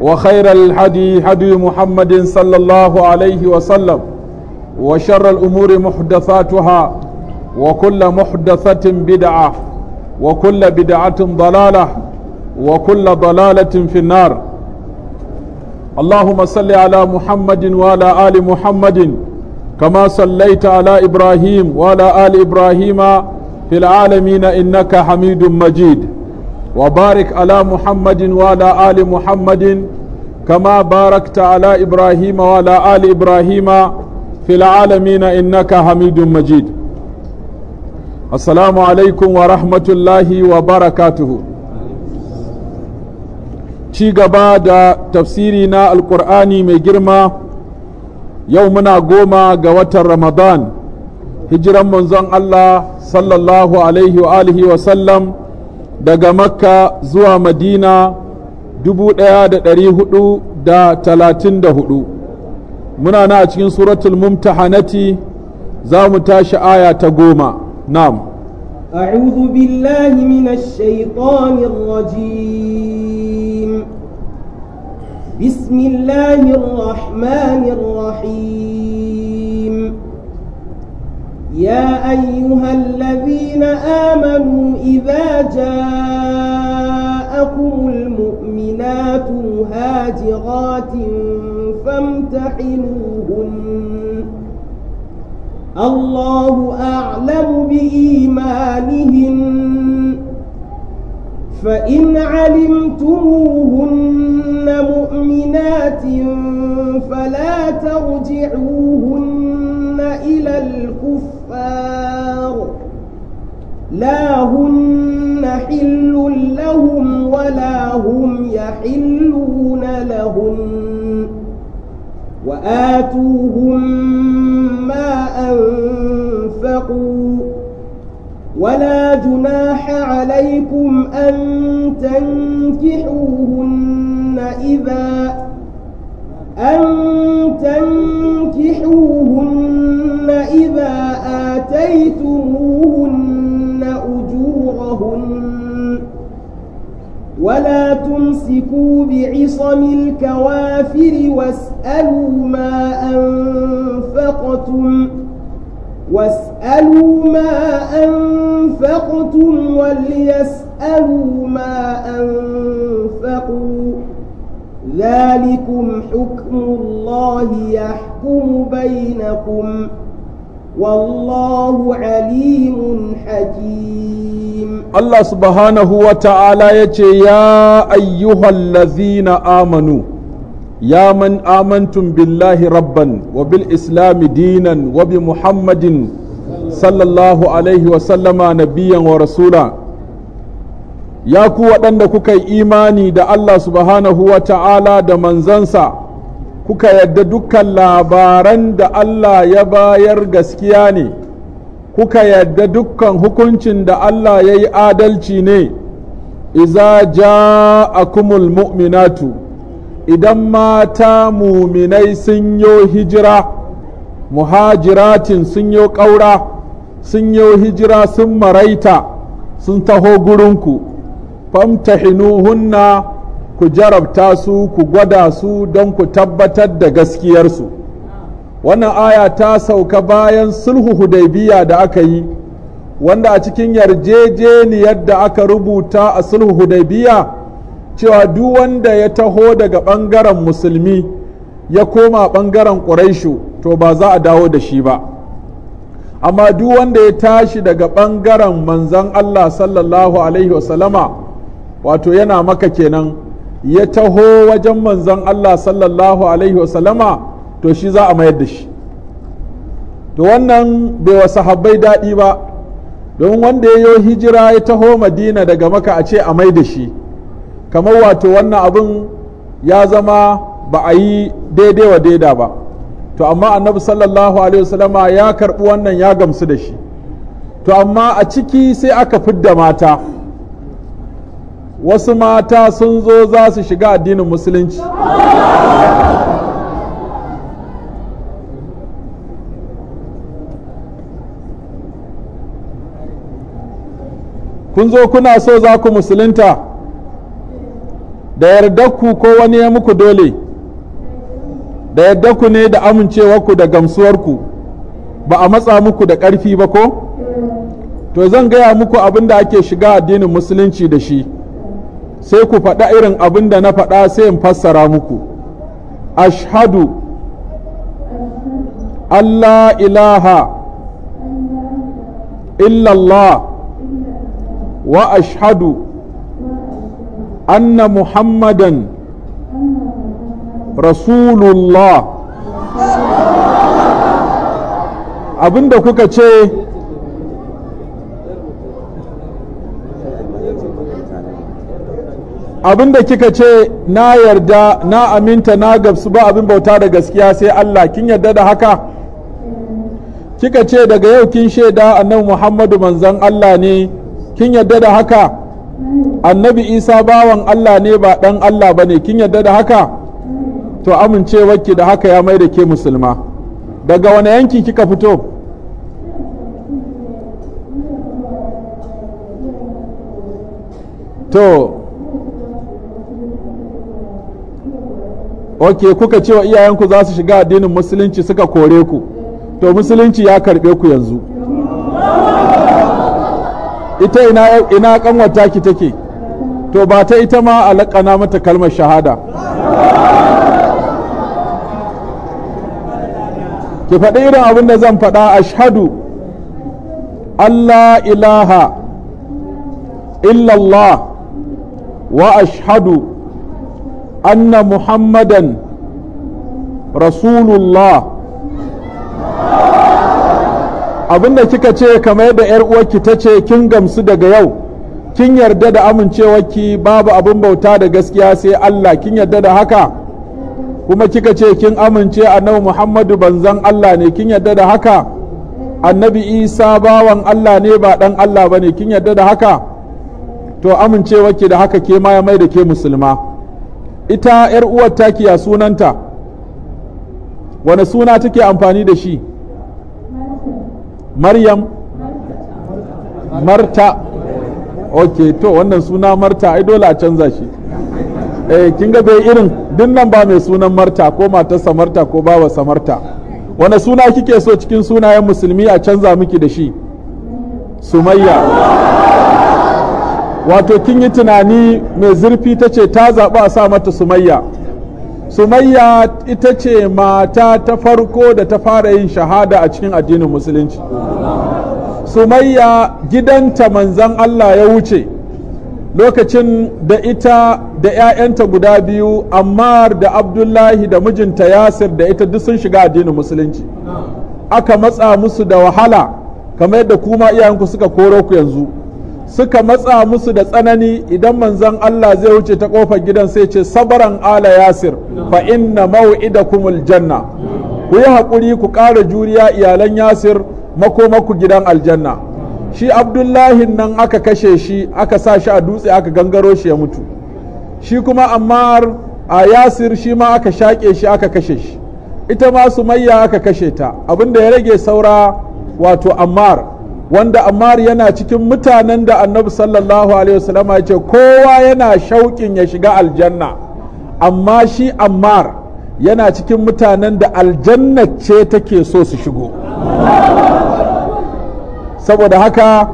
وخير الهدي هدي محمد صلى الله عليه وسلم وشر الأمور محدثاتها وكل محدثة بدعة وكل بدعة ضلالة وكل ضلالة في النار اللهم صل على محمد وعلى آل محمد كما صليت على إبراهيم وعلى آل إبراهيم في العالمين إنك حميد مجيد وبارك على محمد وعلى آل محمد كما باركت على إبراهيم وعلى آل إبراهيم في العالمين إنك حميد مجيد السلام عليكم ورحمة الله وبركاته ci gaba da tafsiri na alkur'ani mai girma yau muna goma ga watan ramadan hijiran manzon allah sallallahu daga makka zuwa madina hudu muna na a cikin suratul mumtahanati za mu tashi aya ta goma nam أعوذ بالله من الشيطان الرجيم بسم الله الرحمن الرحيم يا أيها الذين آمنوا إذا جاءكم المؤمنات هاجرات فامتحنوهن الله أعلم بإيمانهن فإن علمتموهن مؤمنات فلا ترجعوهن لا هن حل لهم ولا هم يحلون لهن وآتوهم ما أنفقوا ولا جناح عليكم أن تنكحوهن إذا أن تنكحوهن إذا آتيتموهن أمسكوا بعصم الكوافر واسألوا ما أنفقتم واسألوا ما أنفقتم وليسألوا ما أنفقوا ذلكم حكم الله يحكم بينكم والله عليم حكيم Allah subhanahu wa ta'ala ya ce ya ayyuhallazina amanu ya man amantum billahi rabban wa bil islami dinan wa bi muhammadin sallallahu alaihi wa sallama nabiyan wa rasula ya ku waɗanda kuka yi imani da Allah subhanahu wa ta'ala da manzansa kuka yadda dukkan labaran da Allah ya bayar gaskiya ne kuka yadda dukkan hukuncin da Allah ya yi adalci ne iza ja a mu'minatu idan mata muminai sun yi hijira muhajiratin sun yi ƙaura sun yi hijira sun maraita sun taho gurinku famtahinuhunna ku jarabta su ku gwada su don ku tabbatar da gaskiyarsu wannan aya ta sauka bayan sulhu hudaybiya da aka yi wanda a cikin yarjejeniyar da aka rubuta a sulhu hudaybiya cewa duk wanda ya taho daga ɓangaren musulmi ya koma ɓangaren ƙuraishu to ba za a dawo da shi ba amma duk wanda ya tashi daga ɓangaren manzan allah sallallahu alaihi wasallama wato yana maka kenan ya taho wajen manzan allah sallallahu alaihi wasallama to shi za a mayar da shi to wannan bai wa sahabbai daɗi ba domin wanda ya yi hijira ya taho madina daga maka a ce a mai da shi kamar wato wannan abin ya zama ba a yi daidai wa daida ba to amma annabi sallallahu alaihi wasallama ya karbi wannan ya gamsu da shi to amma a ciki sai aka fidda mata wasu mata sun zo za su shiga addinin musulunci kun zo kuna so za ku musulunta da yardarku ko wani ya muku dole da yardarku ne da amincewarku da gamsuwarku ba a matsa muku da ƙarfi ba ko to zan gaya muku abin da ake shiga addinin musulunci da shi sai ku faɗa irin abin da na faɗa sai in fassara muku ashhadu Allah ilaha illallah wa ashadu محمدا رسول الله abinda kuka ce abinda kika ce na yarda na aminta na gamsu ba abin bauta da gaskiya sai Allah kin yarda da haka kika ce daga yau kin shaida annabi Muhammadu manzon Allah ne kin yadda da haka annabi isa bawan allah ne ba ɗan allah ba ne kin yadda da haka to amincewarki da haka ya mai da ke musulma daga wani yanki kika fito to ok kuka cewa iyayenku za su shiga addinin musulunci suka kore ku to musulunci ya karbe ku yanzu ita ina ina kanwata ki take to ba ta ita ma alakana mata kalmar shahada ki faɗi irin abin da zan faɗa ashhadu Allah ilaha illallah wa ashhadu anna muhammadan rasulullah abinda kika ce kamar yadda yar uwarki ta ce kin gamsu daga yau kin yarda da amincewarki babu abin bauta da gaskiya sai Allah kin yarda da haka kuma kika ce kin amince annabi Muhammadu banzan Allah ne kin yarda da haka annabi Isa bawan Allah ne ba dan Allah bane kin yarda da haka to amincewarki da haka ke ma ya mai da ke musulma ita yar uwar ki ya sunanta wani suna take amfani da shi maryam marta ok to wannan suna marta ai dole a canza shi eh kin ga bai irin din nan ba mai sunan marta ko matarsa marta ko bawa samarta wani suna kike so cikin sunayen musulmi a canza miki da shi sumayya wato kin yi tunani mai zurfi ta ce ta zaɓa a sa mata sumayya sumayya ita ce mata ta farko da ta fara yin shahada a cikin addinin musulunci sumayya gidanta manzan allah ya wuce lokacin da ita da 'ya'yanta guda biyu amma da abdullahi da mijinta yasir da ita duk sun shiga addinin musulunci aka matsa musu da wahala kamar yadda kuma iyayenku suka koro ku yanzu suka matsa musu da tsanani idan manzon Allah zai wuce ta kofar gidan sai ce sabaran ala yasir fa inna mau'idakumul janna ku yi haƙuri ku ƙara juriya iyalan yasir makomaku gidan aljanna shi abdullahi nan aka kashe shi aka sa shi a dutse aka gangaro shi ya mutu shi kuma ammar a yasir shi ma aka shaƙe shi aka kashe shi ita ma sumayya aka kashe ta abinda ya rage saura wato ammar wanda ammar yana cikin mutanen da annabi sallallahu alaihi wasallama ya ce kowa yana shauƙin ya shiga aljanna amma shi ammar yana cikin mutanen da aljanna ce take so su shigo saboda haka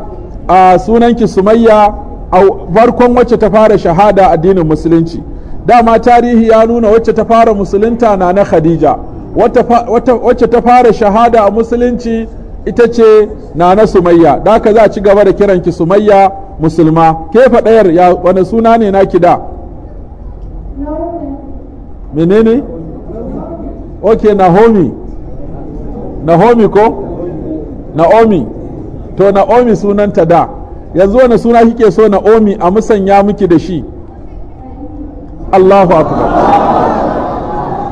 a sunanki sumayya a farkon wacce ta fara shahada addinin musulunci dama tarihi ya nuna wacce ta fara musulunta na na khadija wacce ta fara shahada a musulunci ita ce nana sumayya da ka za ci gaba da kiranki sumayya musulma ke faɗayar ya wani suna ne naki da menene ok nahomi nahomi ko naomi to naomi sunanta da yanzu wani suna kike so naomi a musanya miki da shi allahu akbar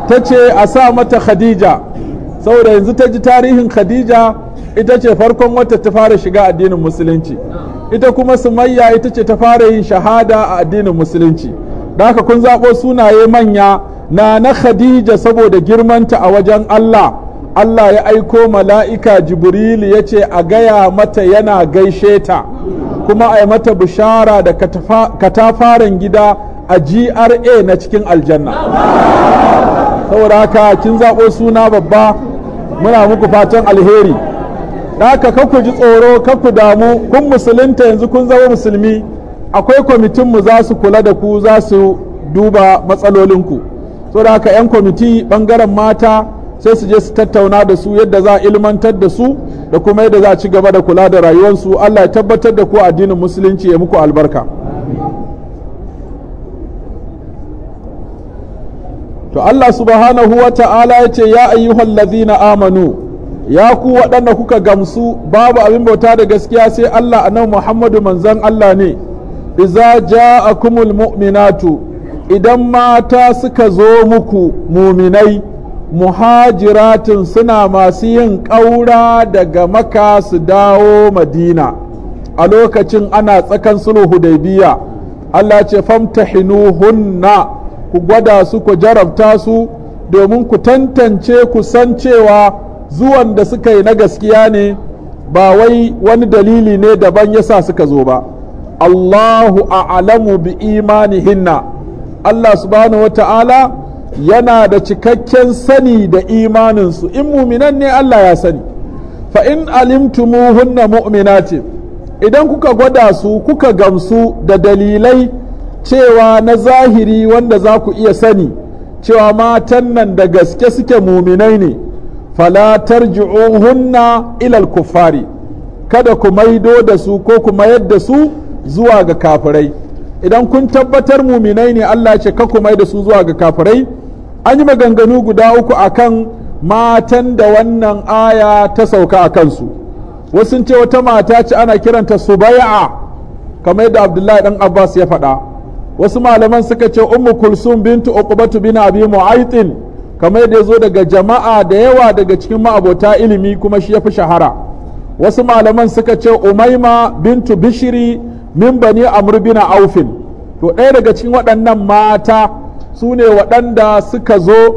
ta ce a sa mata khadija saboda yanzu ta ji tarihin khadija ita ce farkon wata ta fara shiga addinin musulunci ita kuma sumayya ita ce ta fara yin shahada a addinin musulunci da haka kun zaɓo sunaye manya na na khadija saboda girmanta a wajen allah allah ya aiko mala'ika jibril ya ce a gaya mata yana gaishe ta kuma a yi mata bishara da katafaren gida a gra na cikin aljanna saboda haka kin zaɓo suna babba muna muku fatan alheri haka kakku ji tsoro kakku damu kun musulunta yanzu kun zama musulmi akwai kwamitinmu za su kula da ku za su duba matsalolinku so da haka 'yan kwamiti bangaren mata sai su je su tattauna da su yadda za a ilmantar da su da kuma yadda za a ci gaba da kula da rayuwarsu allah ya tabbatar da ku addinin musulunci ya muku albarka to Allah subhanahu wa ta'ala ya ce ya ayyuhal ladhina amanu ya ku waɗanda kuka gamsu babu abin bauta da gaskiya sai Allah anan Muhammadu manzon Allah ne iza ja'akumul mu'minatu idan mata suka zo muku muminai muhajiratin suna masu yin ƙaura daga maka su dawo madina a lokacin ana tsakan sulhu hudaybiya Allah ce famtahinuhunna ku gwada su ku jarabta su domin ku tantance ku san cewa zuwan da suka yi na gaskiya ne ba wai wani dalili ne daban ya sa suka zo ba Allahu a'lamu bi imanihinna Allah subhanahu wata'ala yana da cikakken sani da imaninsu in muminan ne Allah ya sani fa in alimtumuhunna ce. idan kuka gwada su kuka gamsu da dalilai cewa na zahiri wanda za ku iya sani cewa matan nan da gaske suke muminai ne falatar hunna ilal kuffari kada ku maido da su ko ku mayar da su zuwa ga kafirai idan kun tabbatar muminai ne Allah ce ka ku da su zuwa ga kafirai an yi maganganu guda uku akan matan da wannan aya ta sauka a kansu wasu ce wata mata ce ana kiranta subai'a kamar yadda abdullahi dan abbas ya faɗa wasu malaman suka ce ummu kulsum bintu uqbatu bin abi mu'aytin kamar da zo daga jama'a da yawa daga cikin ma'abota ilimi kuma shi yafi shahara wasu malaman suka ce umaima bintu bishiri min bani a bin aufin to ɗaya daga cikin waɗannan mata su ne waɗanda suka zo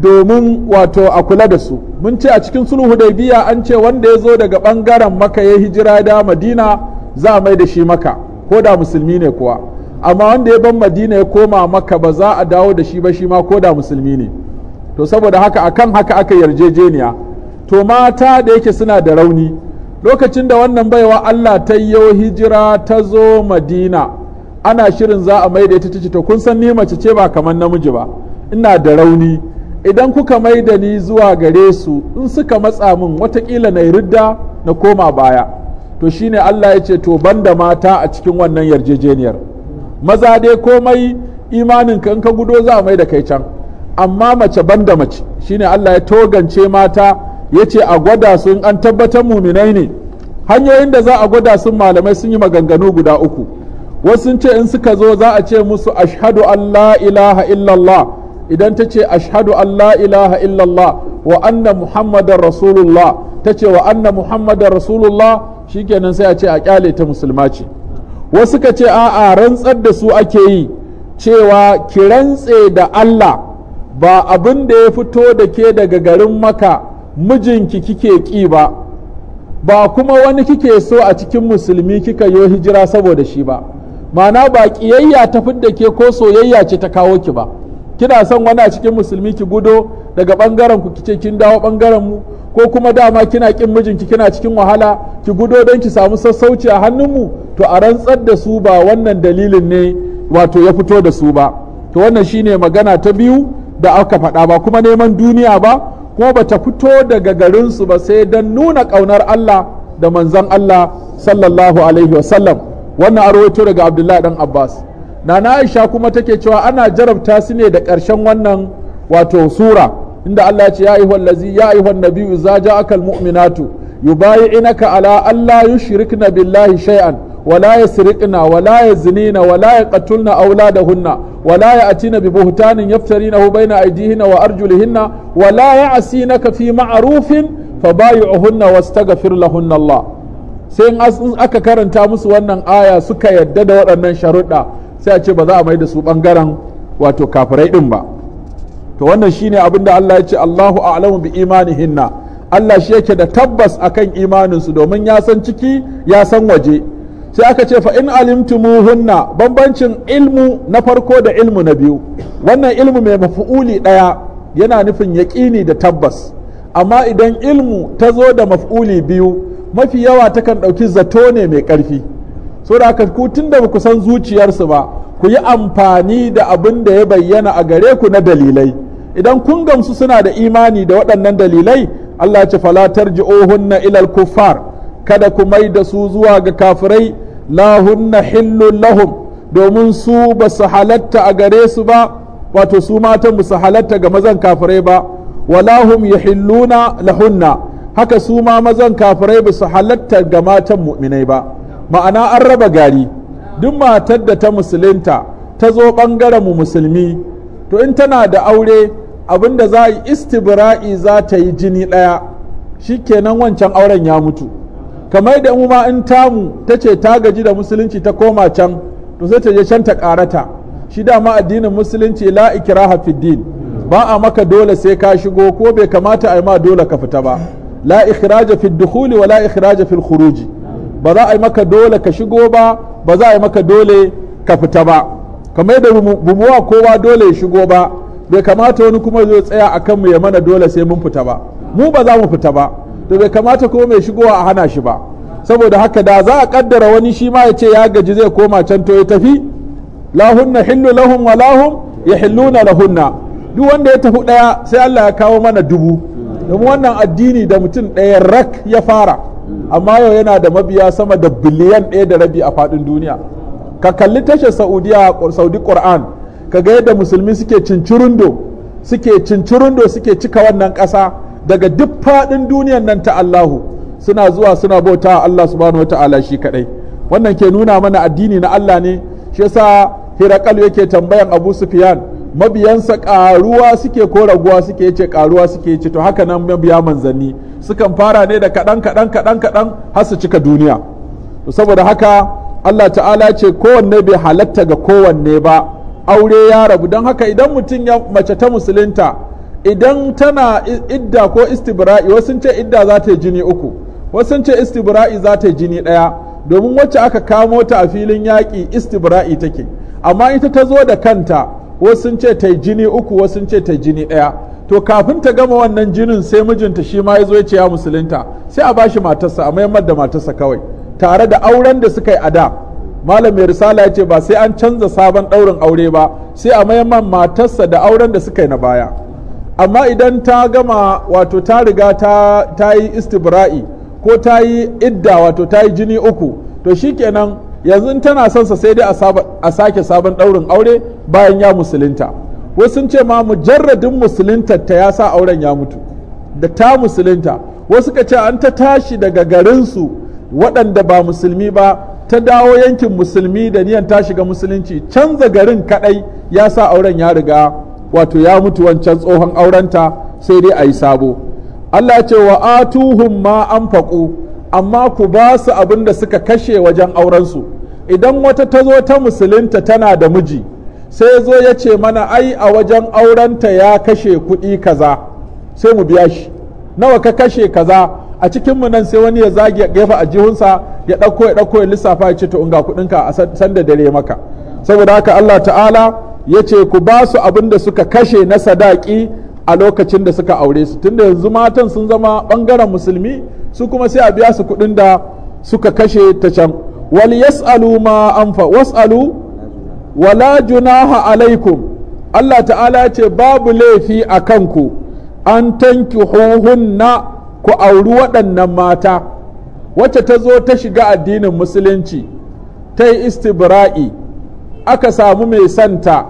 domin wato a kula da su mun ce a cikin sulhu hudaybiya an ce wanda ya zo daga ɓangaren maka ya hijira da madina za a mai da shi maka ko da musulmi ne kuwa amma wanda ya ban madina ya koma maka ba za a dawo da shi ba shi ma ko da musulmi ne to saboda haka akan haka aka yarjejeniya to mata da yake suna da rauni lokacin da wannan baiwa Allah ta yi hijira ta zo madina ana shirin za a mai da ita tace to kun san ni mace ce ba kamar namiji ba ina da rauni idan kuka mai da ni zuwa gare su in suka matsa min watakila na ridda na koma baya to shine Allah ya ce to banda mata a cikin wannan yarjejeniyar maza dai komai imanin ka in ka gudo za mai da kai can amma mace banda mace shine Allah ya togance mata yace a gwada su an tabbatar muminai ne hanyoyin da za a gwada sun malamai sun yi maganganu guda uku wasu ce in suka zo za a ce musu ashhadu an ilaha illallah idan ta ce ashhadu an la ilaha illallah wa anna muhammadar rasulullah ta ce wa anna muhammadar rasulullah shikenan sai a ce a kyale ta musulma ce wasu ka ce a'a rantsar da su ake yi cewa ki rantse da Allah ba abin da ya fito da ke daga garin maka mijinki kike ƙi ba ba kuma wani kike so a cikin musulmi kika yi hijira saboda shi ba mana ba ƙiyayya ta fidda ke ko soyayya ce ta kawo ki ba kina son wani a cikin musulmi ki gudo daga bangaren ku kice kin dawo bangaren mu ko kuma dama kina kin mijinki kina cikin wahala ki gudo don ki samu sassauci a hannun mu? to a rantsar da su ba wannan dalilin ne wato ya fito da su ba to wannan shine magana ta biyu da aka faɗa ba kuma neman duniya ba kuma ta fito daga garinsu ba sai dan nuna ƙaunar Allah da manzon Allah sallallahu alaihi wasallam wannan arwato daga Abdullahi dan Abbas Nana Aisha kuma take cewa ana jarabta su ne da ƙarshen wannan wato sura inda Allah ce ya ihuwa lazi ya ihuwa nabi za ja aka mu'minatu yubayi inaka ala Allah yi shirikna billahi shay'an wala ya sirikna wala ya zinina wala ya katulna aula da hunna wala ya atina bi buhutanin yaftari na hubai na aijihina wa arjulihina wala ya asi na kafi ma'arufin fa bayu a hunna wa stagafir lahunna Allah sai in aka karanta musu wannan aya suka yarda da waɗannan sharuɗa sai a ce ba za a mai da su ɓangaren wato kafirai ɗin ba. to wannan shine abin da Allah ya ce Allahu a'lamu bi imanihinna Allah shi yake da tabbas akan imaninsu domin ya san ciki ya san waje sai aka ce fa in alimtumuhunna bambancin ilmu na farko da ilmu na biyu wannan ilmu mai maf'uli daya yana nufin yaƙini da tabbas amma idan ilmu ta zo da maf'uli biyu mafi yawa takan ɗauki zato ne mai ƙarfi so da aka ku tun da ba ku san zuciyarsu ba ku yi amfani da abin da ya bayyana a gare ku na dalilai idan kun gamsu suna da imani da waɗannan dalilai Allah ce fala tarji'uhunna ilal kuffar kada ku mai da su zuwa ga kafirai lahunna hillun lahum domin su ba su halatta a gare su ba wato su matan ba su halatta ga mazan kafirai ba walahum yahilluna lahunna haka su ma mazan kafirai ba su halatta ga matan mu'minai ba ma'ana an raba gari duk matar da ta musulunta ta zo ɓangaren mu musulmi to in tana da aure abinda za a yi istibra'i za ta yi jini ɗaya shi kenan wancan auren ya mutu kamar da mu ma in tamu ta ce ta gaji da musulunci ta koma can to sai ta je can ta karata shi dama addinin musulunci la ikraha fi din ba a maka dole sai ka shigo ko bai kamata a yi ma dole ka fita ba la ikhraja fi dukhuli wa la ikhraja fi khuruji ba za a yi maka dole ka shigo ba ba za a yi maka dole ka fita ba kamar da bumuwa kowa dole ya shigo ba bai kamata wani kuma zai tsaya a kanmu ya mana dole sai mun fita ba mu ba za mu fita ba to bai kamata kuma mai shigowa a hana shi ba saboda haka da za a kaddara wani shi ma ya ce ya gaji zai koma can to ya tafi lahunna hillu lahum wa lahum Ya yahilluna lahunna duk wanda ya tafi ɗaya sai Allah ya kawo mana dubu domin wannan addini da mutum daya rak ya fara amma yau yana da mabiya sama da biliyan ɗaya da rabi a faɗin duniya ka kalli tashar saudiya saudi qur'an ka ga yadda musulmi suke cincirundo suke cincirundo suke cika wannan ƙasa daga duk faɗin duniyan nan ta Allahu suna zuwa suna bauta Allah subhanahu ta'ala shi kaɗai. wannan ke nuna mana addini na Allah ne shi yasa Hirakal yake tambayan Abu Sufyan mabiyansa karuwa suke ko raguwa suke yace karuwa suke yace to haka nan mabiya manzanni sukan fara ne da kaɗan kaɗan kadan kadan har su cika duniya saboda haka Allah ta'ala ce kowanne bai halatta ga kowanne ba aure ya rabu don haka idan mutum ya mace ta musulunta idan tana idda ko istibra'i wasu ce idda za ta yi jini uku wasu ce istibra'i za ta yi jini ɗaya domin wacce aka kamo ta a filin yaƙi istibra'i take amma ita ta zo da kanta wasu ce ta yi jini uku wasu ce ta yi jini ɗaya to kafin ta gama wannan jinin sai mijinta shi ma ya zo ya musulunta sai a bashi matarsa a mayammar da matarsa kawai tare da auren da suka yi a da malam mai risala ya ce ba sai an canza sabon ɗaurin aure ba sai a mayan matarsa da auren da suka yi na baya amma idan ta gama wato ta riga ta yi istibra'i ko ta yi idda wato ta yi jini uku to shi shikenan yanzu tana son sa sai dai a sake sabon ɗaurin aure bayan ya musulunta wasu sun ce ma mujarradin musuluntar ta ya sa auren ya mutu da ta musulunta wasu ka ce an ta tashi daga garinsu waɗanda ba musulmi ba ta dawo yankin musulmi da niyan ta shiga musulunci canza garin kadai ya sa auren ya riga wato ya mutu wancan tsohon aurenta sai dai a yi sabo Allah ce wa atuhum ma anfaqu amma ku ba su abin da suka kashe wajen aurensu idan wata ta zo ta musulunta tana da miji sai zo ya ce mana ai a wajen aurenta ya kashe kuɗi kaza sai mu biya shi nawa ka kashe kaza a cikin mu nan sai wani ya zage gefa a jihunsa ya ɗauko ya ɗauko ya lissafa ya ce to in ga kuɗinka a sanda dare maka saboda haka Allah ta'ala ya ce ku ba su abin da suka kashe na sadaki a lokacin da suka aure su tunda yanzu matan sun zama ɓangaren musulmi su kuma sai a biya su kuɗin da suka kashe ta can wal yas'alu ma anfa was'alu wala junaha alaikum Allah ta'ala ce babu laifi a ku an tankihuhunna ku auri waɗannan mata wacce ta zo ta shiga addinin musulunci ta yi istibra'i aka samu mai santa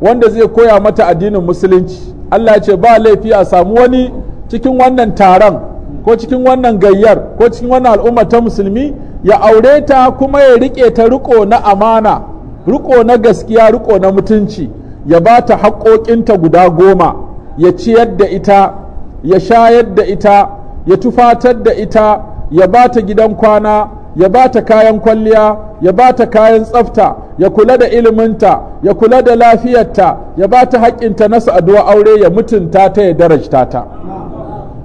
wanda zai koya mata addinin musulunci Allah ce ba laifi a samu wani cikin wannan taron ko cikin wannan gayyar ko cikin wannan al'umma ta musulmi ya aure ta kuma ya rike ta riƙo na amana riƙo na gaskiya riko na mutunci ya ba ta haƙoƙinta guda goma ya ciyar da ita ya shayar da ita ya tufatar da ita ya ba ta gidan kwana ya ba ta kayan kwalliya ya ba ta kayan tsafta ya kula da iliminta ya kula da lafiyarta ya ba ta haƙƙinta na sa'aduwa aure ya mutunta ta ya darajta ta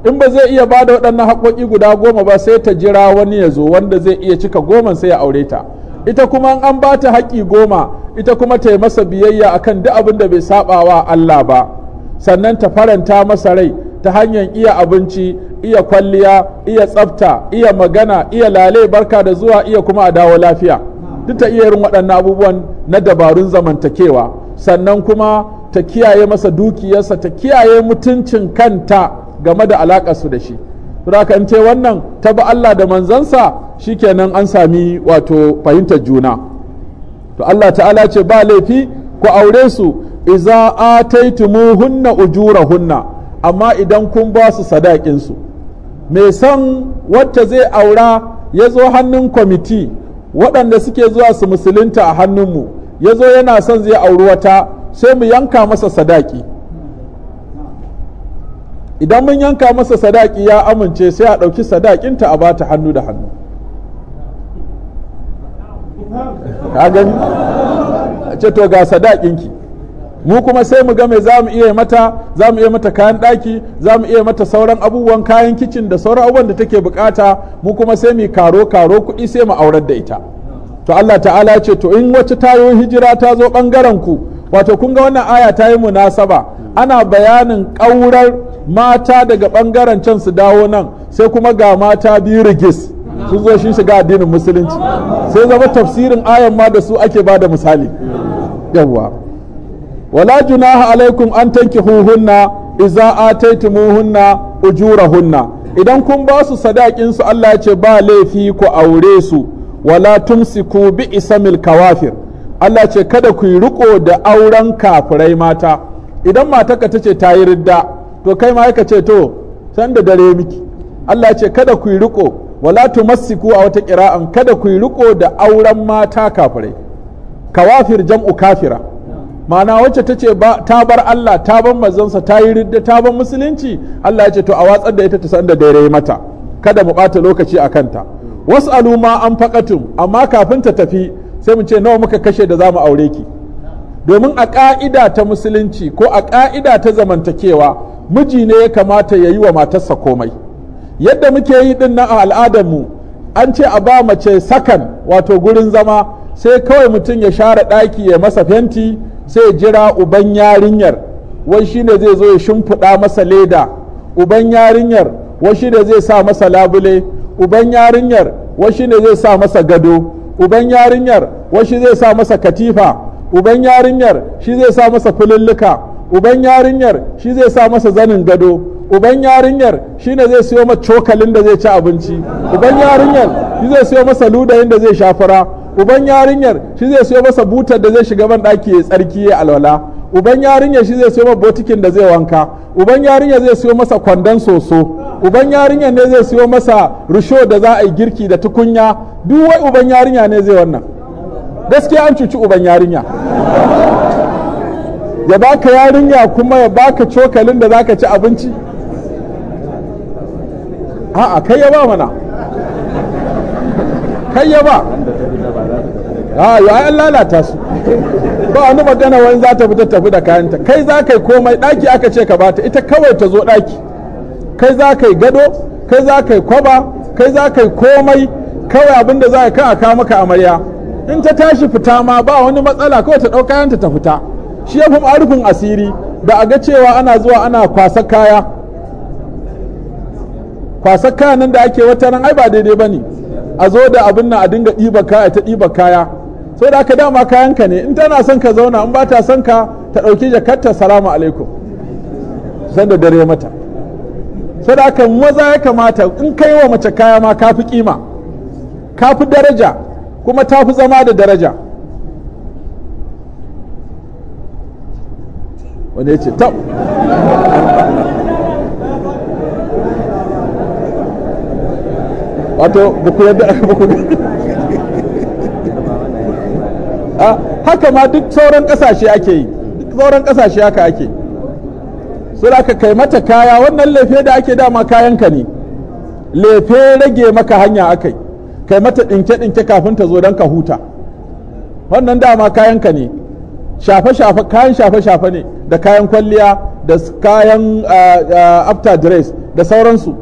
in ba zai iya ba da waɗannan haƙoƙi guda goma ba sai ta jira wani ya zo wanda zai iya cika goma sai ya aure ta ita kuma an ba ta haƙƙi goma ita kuma ta yi masa biyayya akan duk abin da bai saɓa wa Allah ba sannan ta faranta masa rai ta hanyar iya abinci iya kwalliya iya tsafta iya magana iya lale barka da zuwa iya kuma a dawo lafiya duk ta iya irin waɗannan abubuwan na dabarun zamantakewa sannan kuma ta kiyaye masa dukiyarsa ta kiyaye mutuncin kanta game da alaƙarsu da shi haka ce wannan ta bi Allah da manzansa shikenan an sami wato fahimtar juna to Allah ta'ala ce ba laifi ku aure su iza ataitumuhunna ujurahunna amma idan kun ba su sadakinsu mai san wacce zai aura ya zo hannun kwamiti waɗanda suke zuwa su musulunta a hannunmu ya zo yana son zai auri wata sai mu yanka masa sadaki idan mun yanka masa sadaki ya amince sai a ɗauki sadakinta a bata hannu da hannu a ce to ga sadakinki mu kuma sai mu ga me za mu iya mata za mu iya mata kayan ɗaki za mu iya mata sauran abubuwan kayan kicin da sauran abubuwan da take bukata mu kuma sai mu karo karo kuɗi sai mu aurar da ita to Allah ta'ala ya ce to in wacce tayo hijira ta zo bangaren ku wato kun ga wannan aya ta yi munasaba ana bayanin ƙaurar mata daga bangaren can su dawo nan sai kuma ga mata biyu rigis sun zo shi shiga addinin musulunci sai zama tafsirin ayan ma da su ake ba da misali yawwa wala junaha alaikum an tanki tankihuhunna idza ujura ujurahunna idan kun ba su sadakin su Allah ya ce ba laifi ku aure su wala tumsiku bi isamil kawafir Allah ce kada ku yi riko da auren kafurai mata idan matarka ka ce ta yi ridda to kai ma ka ce to san da dare miki Allah ce kada ku yi riko wala tumassiku a wata kira'an kada ku yi riko da auren mata kafurai, kawafir jam'u kafira ma'ana wacce ta ce ta bar Allah ta bar manzansa ta yi ridda ta bar musulunci Allah ya ce to a watsar da ita ta san da yi mata kada mu bata lokaci a kanta wasu al'uma an faƙatun amma kafin ta tafi sai mu ce nawa muka kashe da za mu aure ki domin a ƙa'ida ta musulunci ko a ƙa'ida ta zamantakewa miji ne ya kamata ya yi wa matarsa komai yadda muke yi din nan a mu an ce a ba mace sakan wato gurin zama sai kawai mutum ya share ɗaki ya masa fenti sai jira uban yarinyar wai ne zai zo ya shimfiɗa masa leda uban yarinyar wai ne zai sa masa labule uban yarinyar wai ne zai sa masa gado uban yarinyar wai shi zai sa masa katifa uban yarinyar shi zai sa masa fululluka uban yarinyar shi zai sa masa zanin gado uban yarinyar shi ne zai siyo masa cokalin da zai ci abinci uban yarinyar shi zai siyo masa ludayin da zai shafara uban yarinyar shi zai siyo masa butar da zai shiga ban ɗaki ya tsarki ya alwala uban yarinyar shi zai siyo masa botikin da zai wanka uban yarinyar zai siyo masa kwandon soso uban yarinyar ne zai siyo masa rusho da za a yi girki da tukunya duk wai uban yarinya ne zai wannan gaskiya an cuci uban yarinya ya baka yarinya kuma ya baka cokalin da zaka ci abinci a'a kai ya ba mana kai ya ba a yi an lalata su ba wani magana wani za ta fita tafi da kayanta kai za ka yi komai ɗaki aka ce ka bata ita kawai ta zo ɗaki kai za ka yi gado kai za ka yi kwaba kai za ka yi komai kawai abin da za ka kawo maka amarya in ta tashi fita ma ba wani matsala kawai ta ɗauka yanta ta fita shi ya fi asiri da a ga cewa ana zuwa ana kwasa kaya kwasa kaya nan da ake wata ran ai ba daidai ba ne a zo da abin nan a dinga ɗiba kaya ta ɗiba kaya sai da aka dama kayanka ne in tana son ka zauna in ba ta son ka ta ɗauki jakarta salamu alaikum san da dare mata sai da aka maza ya kamata in kai wa mace kaya ma kafi kima kafi daraja kuma ta fi zama da daraja wani ya ce tab wato ba yadda Ah, haka ma duk sauran kasashe ake yi duk sauran kasashe haka ake su da kai mata kaya wannan lefe da ake dama kayanka ne lefe rage maka hanya akai kai mata dinke ɗinke kafin ta zo don ka huta wannan dama kayanka ne shafe-shafe kayan shafe-shafe ne da kayan kwalliya da kayan ah, ah, after dress da sauransu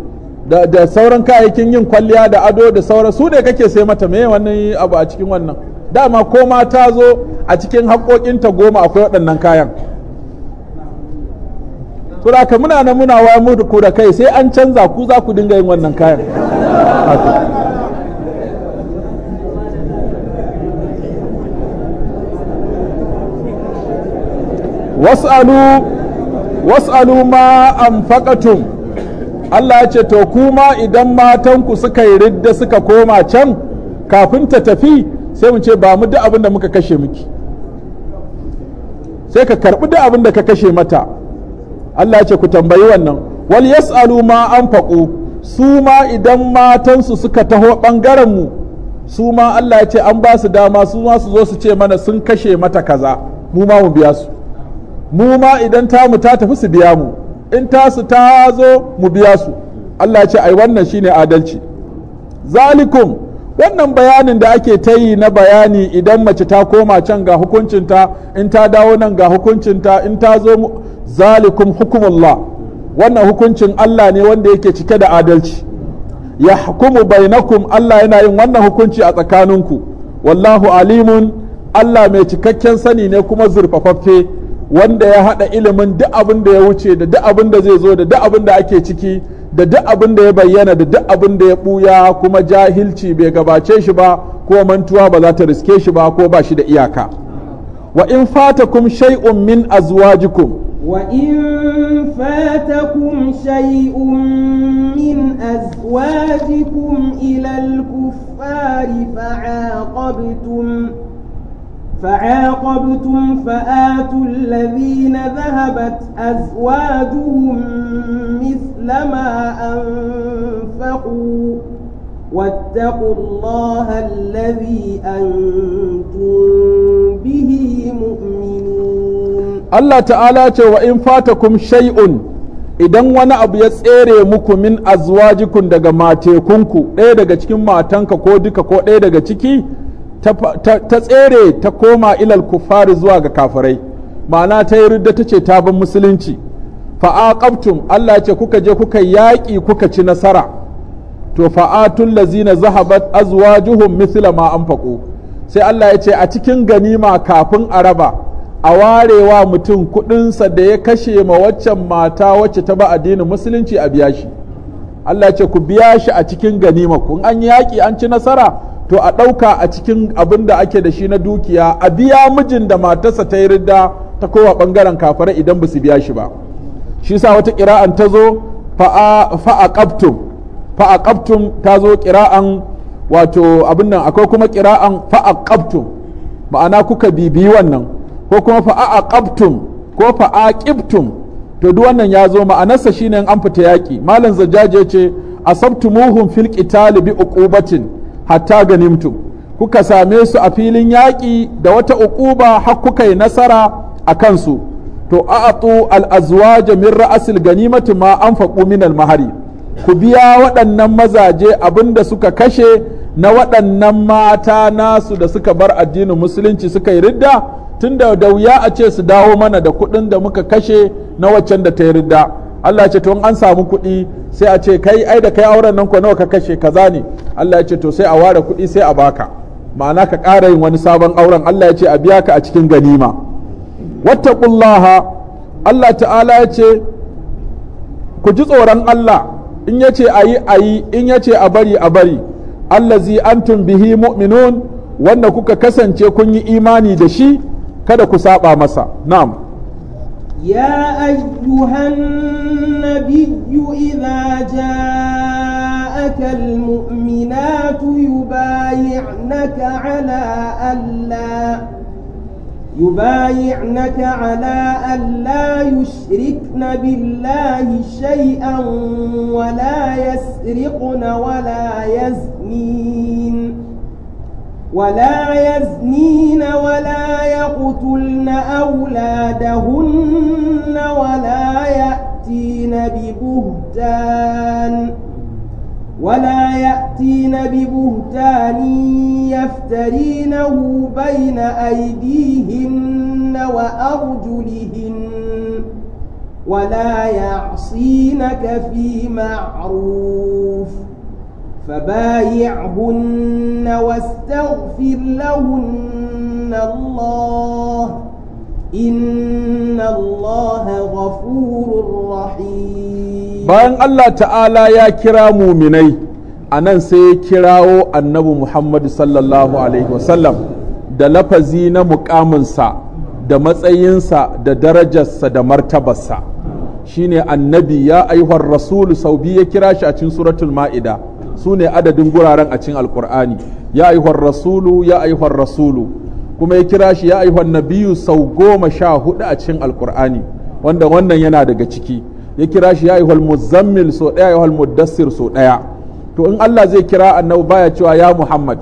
da sauran kayayyakin yin kwalliya da ado da sauran su ne kake sai mata me wannan abu a cikin wannan dama ko ma zo a cikin haƙoƙinta goma akwai waɗannan kayan to da ka muna na muna wa ku da kai sai an canza ku za ku dinga yin wannan kayan wasu was'alu ma anfaqatum Allah ya ce to kuma idan matanku suka yi ridda suka koma can kafin ta tafi sai mu ce ba mu duk abin da muka kashe miki sai ka karbi duk abin da ka kashe mata Allah ce ku tambayi wannan wal yas'alu ma anfaqu su ma idan matansu suka taho bangaren mu su ma Allah ya ce an ba su dama su ma su zo su ce mana sun kashe mata kaza mu ma mu biya su mu ma idan ta mu ta tafi su biya mu in ta su ta zo mu biya su Allah ya ce ai wannan shine adalci zalikum wannan bayanin da ake ta yi na bayani idan mace ta koma can ga hukuncinta in ta dawo nan ga hukuncinta in ta zo zalikum hukumullah wannan hukuncin Allah ne wanda yake cike da adalci ya hukumu bainakum Allah yana yin wannan hukunci a tsakaninku wallahu alimun Allah mai cikakken sani ne kuma zurfafaffe wanda ya haɗa ilimin duk abin da ya wuce da duk abin da zai zo da duk abin da ake ciki da duk abin da ya bayyana da duk abin da ya buya kuma jahilci bai gabace shi ba ko mantuwa ba za ta riske shi ba ko ba shi da iyaka wa in fatakum shay'un min azwajikum fatakum shay'un min azwajikum ila al-kuffari fa'aqabtum فعاقبتم فآتوا الذين ذهبت أزواجهم مثل ما أنفقوا واتقوا الله الذي أنتم به مؤمنون الله تعالى وإن فاتكم شيء idan wani abu ya tsere muku min azwajikun daga matekunku ɗaya daga cikin matanka ko duka ko ɗaya daga ciki ta tsere ta koma ilal kuffari zuwa ga kafirai ma'ana ta yi rudda ta ce ta bin musulunci fa'aqabtum Allah ce kuka je kuka yaƙi kuka ci nasara to fa'atul lazina zahabat azwajuhum mithla ma anfaqu sai Allah ya ce a cikin ganima kafin a raba a warewa mutum kudinsa da ya kashe ma waccan mata wacce ta ba addinin musulunci a biya shi Allah ce ku biya shi a cikin ganima kun an yaƙi an ci nasara to a ɗauka a cikin abin da ake da shi na dukiya a biya mijin da matarsa ta yi ridda ta kowa ɓangaren kafara idan ba su biya shi ba shi sa wata ƙira'an ta zo fa'aƙabtum ta zo ƙira'an wato abin nan akwai kuma ƙira'an fa'aƙabtum ma'ana kuka bibiyi wannan ko kuma fa'aƙabtum ko fa'aƙibtum to duk wannan ya zo ma'anarsa shine an fita yaƙi malam zajjaje ce asabtumuhum fil qitali bi uqubatin hatta ganimtu kuka same su a filin yaƙi da wata uquba har kuka yi nasara a kansu to a'atu al-azwaj min ra'asil ganimati ma anfaqu min al-mahari ku biya waɗannan mazaje abinda suka kashe na waɗannan mata nasu da suka bar addinin musulunci suka yi ridda tunda da wuya a ce su dawo mana da kuɗin da muka kashe na waccan da ta yi ridda Allah ya ce to an samu kuɗi sai a ce kai ai da kai auren nan ko nawa ka kashe kaza ne Allah ya ce to sai a ware kuɗi sai a baka ma'ana ka ƙara yin wani sabon auren Allah ya ce a biya ka a cikin ganima wattaqullaha Allah ta'ala ya ce ku ji tsoron Allah in ya ce ayi ayi in yace a bari a bari allazi antum bihi mu'minun wanda kuka kasance kun yi imani da shi kada ku saba masa na'am يا أيها النبي إذا جاءك المؤمنات يبايعنك على ألا يبايعنك على ألا يشركن بالله شيئا ولا يسرقن ولا يزنين ولا يزنين ولا يقتلن أولادهن ولا يأتين ببهتان ولا يأتين ببهتان يفترينه بين أيديهن وأرجلهن ولا يعصينك في معروف فبايعهن واستغفر لهن الله إن الله غفور رحيم bayan Allah ta'ala ya kira muminai a nan sai ya kirawo annabi Muhammadu sallallahu da lafazi na mukaminsa da matsayinsa da darajarsa da martabarsa shine annabi ya aihuwar rasulu sau biyu ya kira shi a cikin suratul ma'ida su ne adadin guraren a cikin alkur'ani ya ayyuhar rasulu ya ayyuhar rasulu kuma ya kira shi ya ayyuhar nabiyu sau goma sha hudu a cikin alkur'ani wanda wannan yana daga ciki ya kira shi ya ayyuhal muzammil so daya ayyuhal muddassir so daya to in Allah zai kira annabi baya cewa ya Muhammad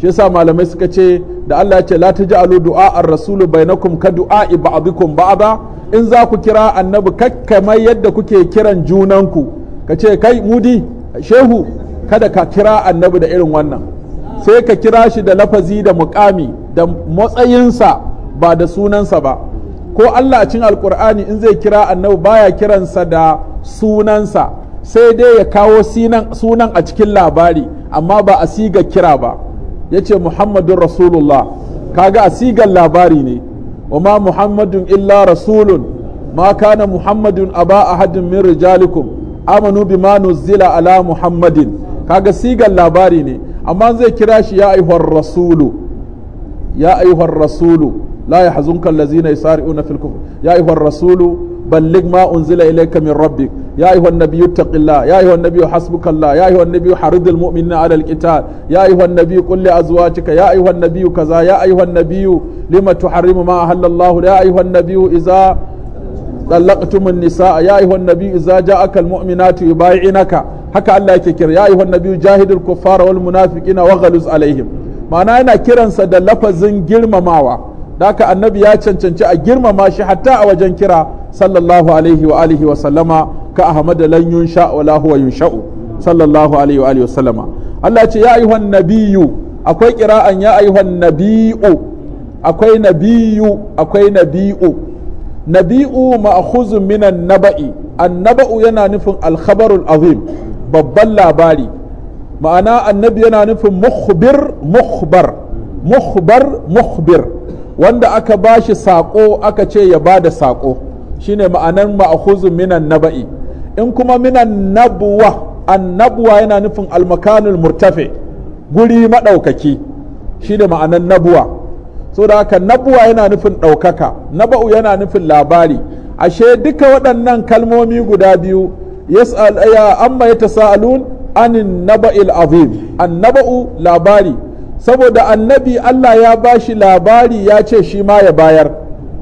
shi yasa malamai suka ce da Allah ya ce la alu du'a ar-rasulu bainakum ka du'a kum ba'dikum ba? in za ku kira annabi kakkamai yadda kuke kiran junanku ka ce kai mudi shehu kada ka kira annabi da irin wannan sai ka kira shi da lafazi da mukami da matsayinsa ba da sunansa ba ko Allah a cin alkur'ani in zai kira annabi baya kiransa da sunansa sai dai ya kawo sunan a cikin labari amma ba a siga kira ba ya ce muhammadun rasulullah kaga a sigar labari ne wa ma muhammadun illa rasulun ma kana muhammadun aba ahadin min rijalikum amanu bima nuzzila ala muhammadin kaga sigar labari ne amma zai kira shi ya ayyuhar rasulu ya ayyuhar rasulu la yahzunka allazina yusari'una fil kufr ya ayyuhar rasulu balligh ma unzila ilayka min rabbik ya ayyuhan nabiyu taqilla ya ayyuhan nabiyu hasbukallah ya ayyuhan nabiyu haridul mu'minina 'ala al ya ayyuhan nabiyu qul li azwajika ya ayyuhan nabiyu kaza ya ayyuhan nabiyyu lima tuharrimu ma ahallallahu ya ayyuhan nabiyyu idza طلقتم النساء يا أيها النبي إذا جاءك المؤمنات يبايعنك haka Allah yake kira ya ayyuhan nabiyyu jahidul kuffara wal munafiqina wa ghaluz alaihim ma'ana yana kiransa da lafazin girmamawa daka annabi ya cancanci a girmama shi hatta a wajen kira sallallahu alaihi wa alihi wa sallama ka ahmad lan yunsha wa la huwa yunsha'u sallallahu alaihi wa alihi wa sallama Allah ce ya ayyuhan nabiyyu akwai kira'an ya ayyuhan nabiyyu akwai nabiyyu akwai nabi'u nabi'u ma'khuzun minan naba'i annaba'u yana nufin al-khabarul azim babban labari ma'ana annabi yana nufin muhbir muhbar muhbar muhbir wanda aka ba shi saƙo aka ce ya ba da saƙo shine ma'anan ma'akhuzun minan naba'i in kuma minan nabuwa annabuwa yana nufin almakanul murtafe guri maɗaukaki shine ma'anan nabuwa so da haka nabuwa yana nufin ɗaukaka naba'u yana nufin labari ashe duka waɗannan kalmomi guda biyu yas'al ya amma yatasaalun anin naba'il azim annaba'u labari saboda annabi Allah ya bashi labari ya ce shi ma ya bayar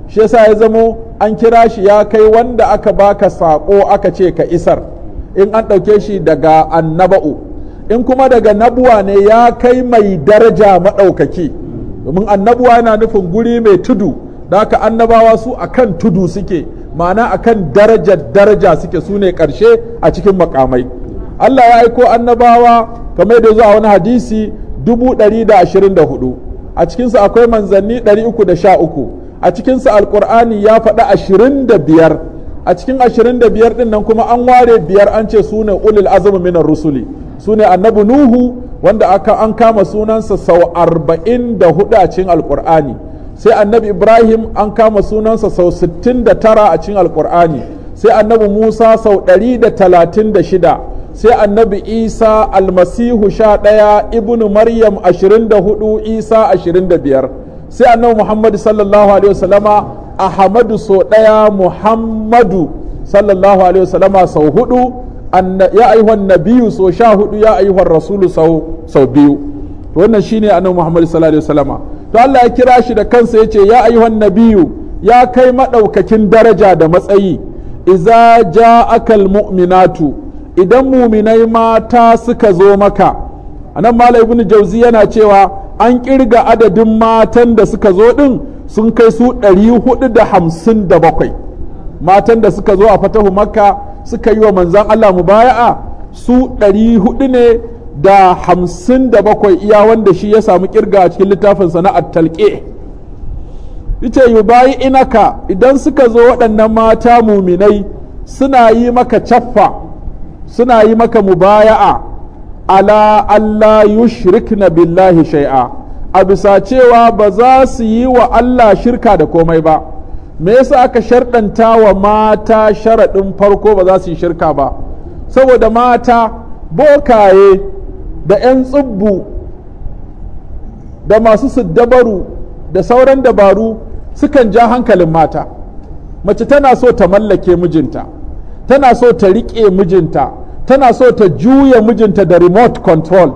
shi yasa ya zamo an kira shi ya kai wanda aka baka sako aka ce ka isar in an ɗauke shi daga annaba'u in kuma daga nabuwa ne ya kai mai daraja maɗaukaki domin annabuwa yana nufin guri mai tudu da haka annabawa su akan kan tudu suke ma'ana akan darajar daraja suke su ne ƙarshe a cikin makamai Allah ya aiko annabawa kamar da zuwa wani hadisi 124 a cikinsu akwai manzanni 313 a cikinsu alkur'ani ya faɗa 25 a cikin 25 ɗin nan kuma an ware biyar an ce su ne ulil azumi minar rusuli su ne annabi nuhu wanda aka an kama sunansa sau 44 a cikin alkur'ani sai annabi ibrahim an kama sunansa sau 69 a cikin alkur'ani sai annabi musa sau 136 sai annabi isa almasihu 11 ibnu maryam 24 isa 25 sai annabi muhammadu sallallahu alaihi wasallama ahmadu sau ɗaya muhammadu sallallahu alaihi wasallama sau hudu ya aihuwan nabiyu sau sha hudu ya aihuwan rasulu sau biyu wannan shine annabi muhammadu sallallahu alaihi wasallama to Allah ya kira shi da kansa ya ce ya ayyuhan nabiyu ya kai maɗaukakin daraja da matsayi iza ja'akal mu'minatu idan muminai mata suka zo maka anan malai ibn jauzi yana cewa an kirga adadin matan da suka zo din sun kai su bakwai matan da suka zo a fatahu makka suka yi wa manzan Allah mubaya'a su ɗari 400 ne da hamsin da bakwai iya wanda shi ya samu kirga a cikin littafin sana'ar talƙe ita yi bayi inaka idan suka zo waɗannan mata muminai suna yi maka caffa suna yi maka mubaya'a ala Allah na billahi shai'a a bisa cewa ba za su yi wa Allah shirka da komai ba me yasa aka sharɗanta wa mata sharaɗin farko ba za su yi shirka ba saboda mata bokaye da 'yan tsibbu da masu siddabaru da sauran dabaru sukan ja hankalin mata mace tana so ta mallake mijinta tana so ta riƙe mijinta tana so ta juya mijinta da remote control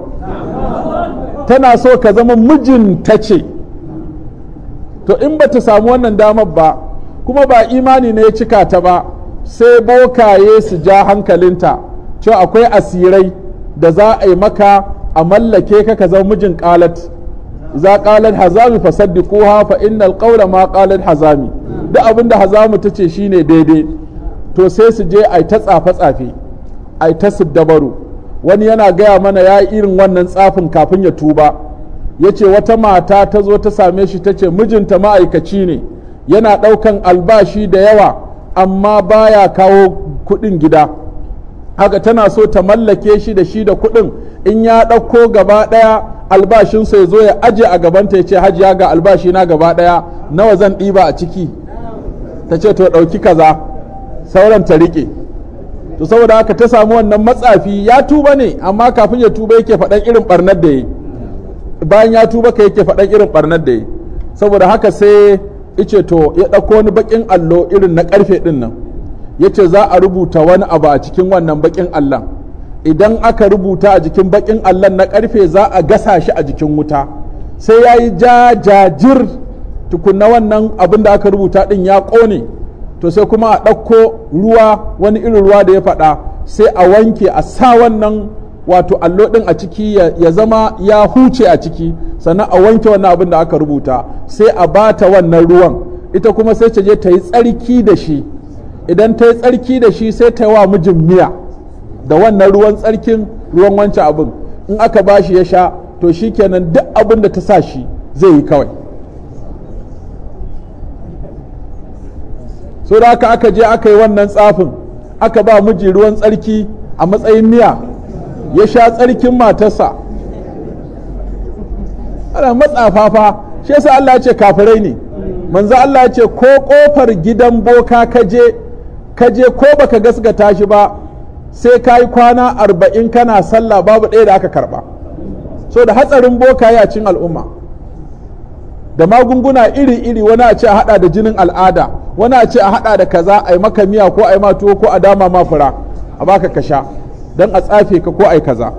tana so ka zama mijinta ce to in ba ta samu wannan damar ba kuma ba imani ne ya cika ta ba sai bokaye su ja hankalinta cewa akwai asirai da za a yi maka a mallake ka ka zama mijin ƙalat. za qalat hazami fasaddiquha fa inna qawla ma qalat hazami duk abinda hazami tace shine daidai to sai su je ai ta tsafa tsafe ai ta siddabaru wani yana gaya mana ya irin wannan tsafin kafin ya tuba ya ce wata mata ta zo ta same shi ta ce mijinta ma'aikaci ne yana ɗaukan albashi da yawa amma baya kawo kuɗin gida haka tana so ta mallake shi da shi da kuɗin in ya ɗauko gaba ɗaya albashinsa ya zo ya aje a gabanta ya ce hajiya ga albashi na gaba ɗaya nawa zan ɗiba a ciki ta ce to ɗauki kaza sauran ta riƙe to saboda haka ta samu wannan matsafi ya tuba ne amma kafin ya tuba yake faɗan irin ɓarnar da ya bayan ya tuba ka yake faɗan irin ɓarnar da ya saboda haka sai ice to ya ɗauko wani baƙin allo irin na ƙarfe ɗin nan yace za a rubuta wani abu a cikin wannan bakin Allah idan aka rubuta a jikin bakin Allah na karfe za a gasa shi a jikin wuta sai ya yi jajajir tukunna wannan abin da aka rubuta din ya ƙone to sai kuma a ɗauko ruwa wani irin ruwa da ya faɗa sai a wanke a sa wannan wato allo ɗin a ciki ya zama ya huce a ciki sannan a wanke wani abin da aka rubuta sai a bata wannan ruwan ita kuma sai ta je ta yi tsarki da shi idan ta yi tsarki da shi sai ta yi wa mijin miya da wannan ruwan tsarkin ruwan wancan abin in aka ba shi ya sha to shi kenan duk abin da ta sa shi zai yi kawai so da aka aka je aka yi wannan tsafin aka ba miji ruwan tsarki a matsayin miya ya sha tsarkin matarsa ana matsafafa shi yasa Allah ce kafirai ne manzo Allah ce ko kofar gidan boka ka je ka je ko baka gaskata shi ba sai ka yi kwana arba'in kana sallah babu ɗaya da aka karɓa so da hatsarin boka ya cin al'umma da magunguna iri-iri wani a ce a hada da jinin al'ada wani a ce a hada da kaza a yi maka miya ko a yi tuwo ko a dama ma fura a baka ka don a tsafe ka ko a yi kaza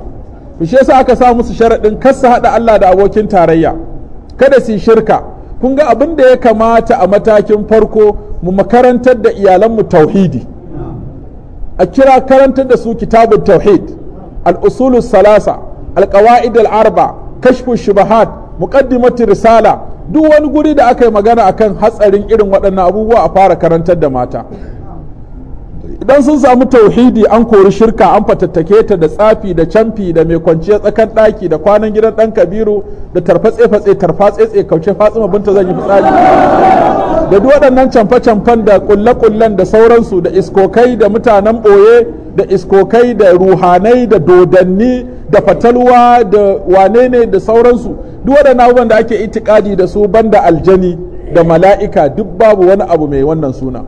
fushe sa aka sa musu sharaɗin kasa hada Allah da abokin tarayya kada su shirka kun ga abin da ya kamata a matakin farko mu makarantar da iyalan mu tauhidi a kira karantar da su kitabun tauhid al-usulu salasa al-qawaid al-arba kashfu shubahat muqaddimatu risala duk wani guri da aka yi magana akan hatsarin irin waɗannan abubuwa a fara karantar da mata idan sun samu tauhidi an kori shirka an fatattake ta da tsafi da camfi da mai kwanciyar tsakan ɗaki da kwanan gidan dan kabiru da tarfatse fatse tarfatse kauce fatsima binta zan yi fitsari da duk waɗannan camfe canfan da ƙulle-ƙullen da sauransu da iskokai da mutanen ɓoye da iskokai da ruhanai da dodanni da fatalwa da wane ne da sauransu duk waɗannan abubuwan da ake itikadi da su banda aljani da mala'ika duk babu wani abu mai wannan suna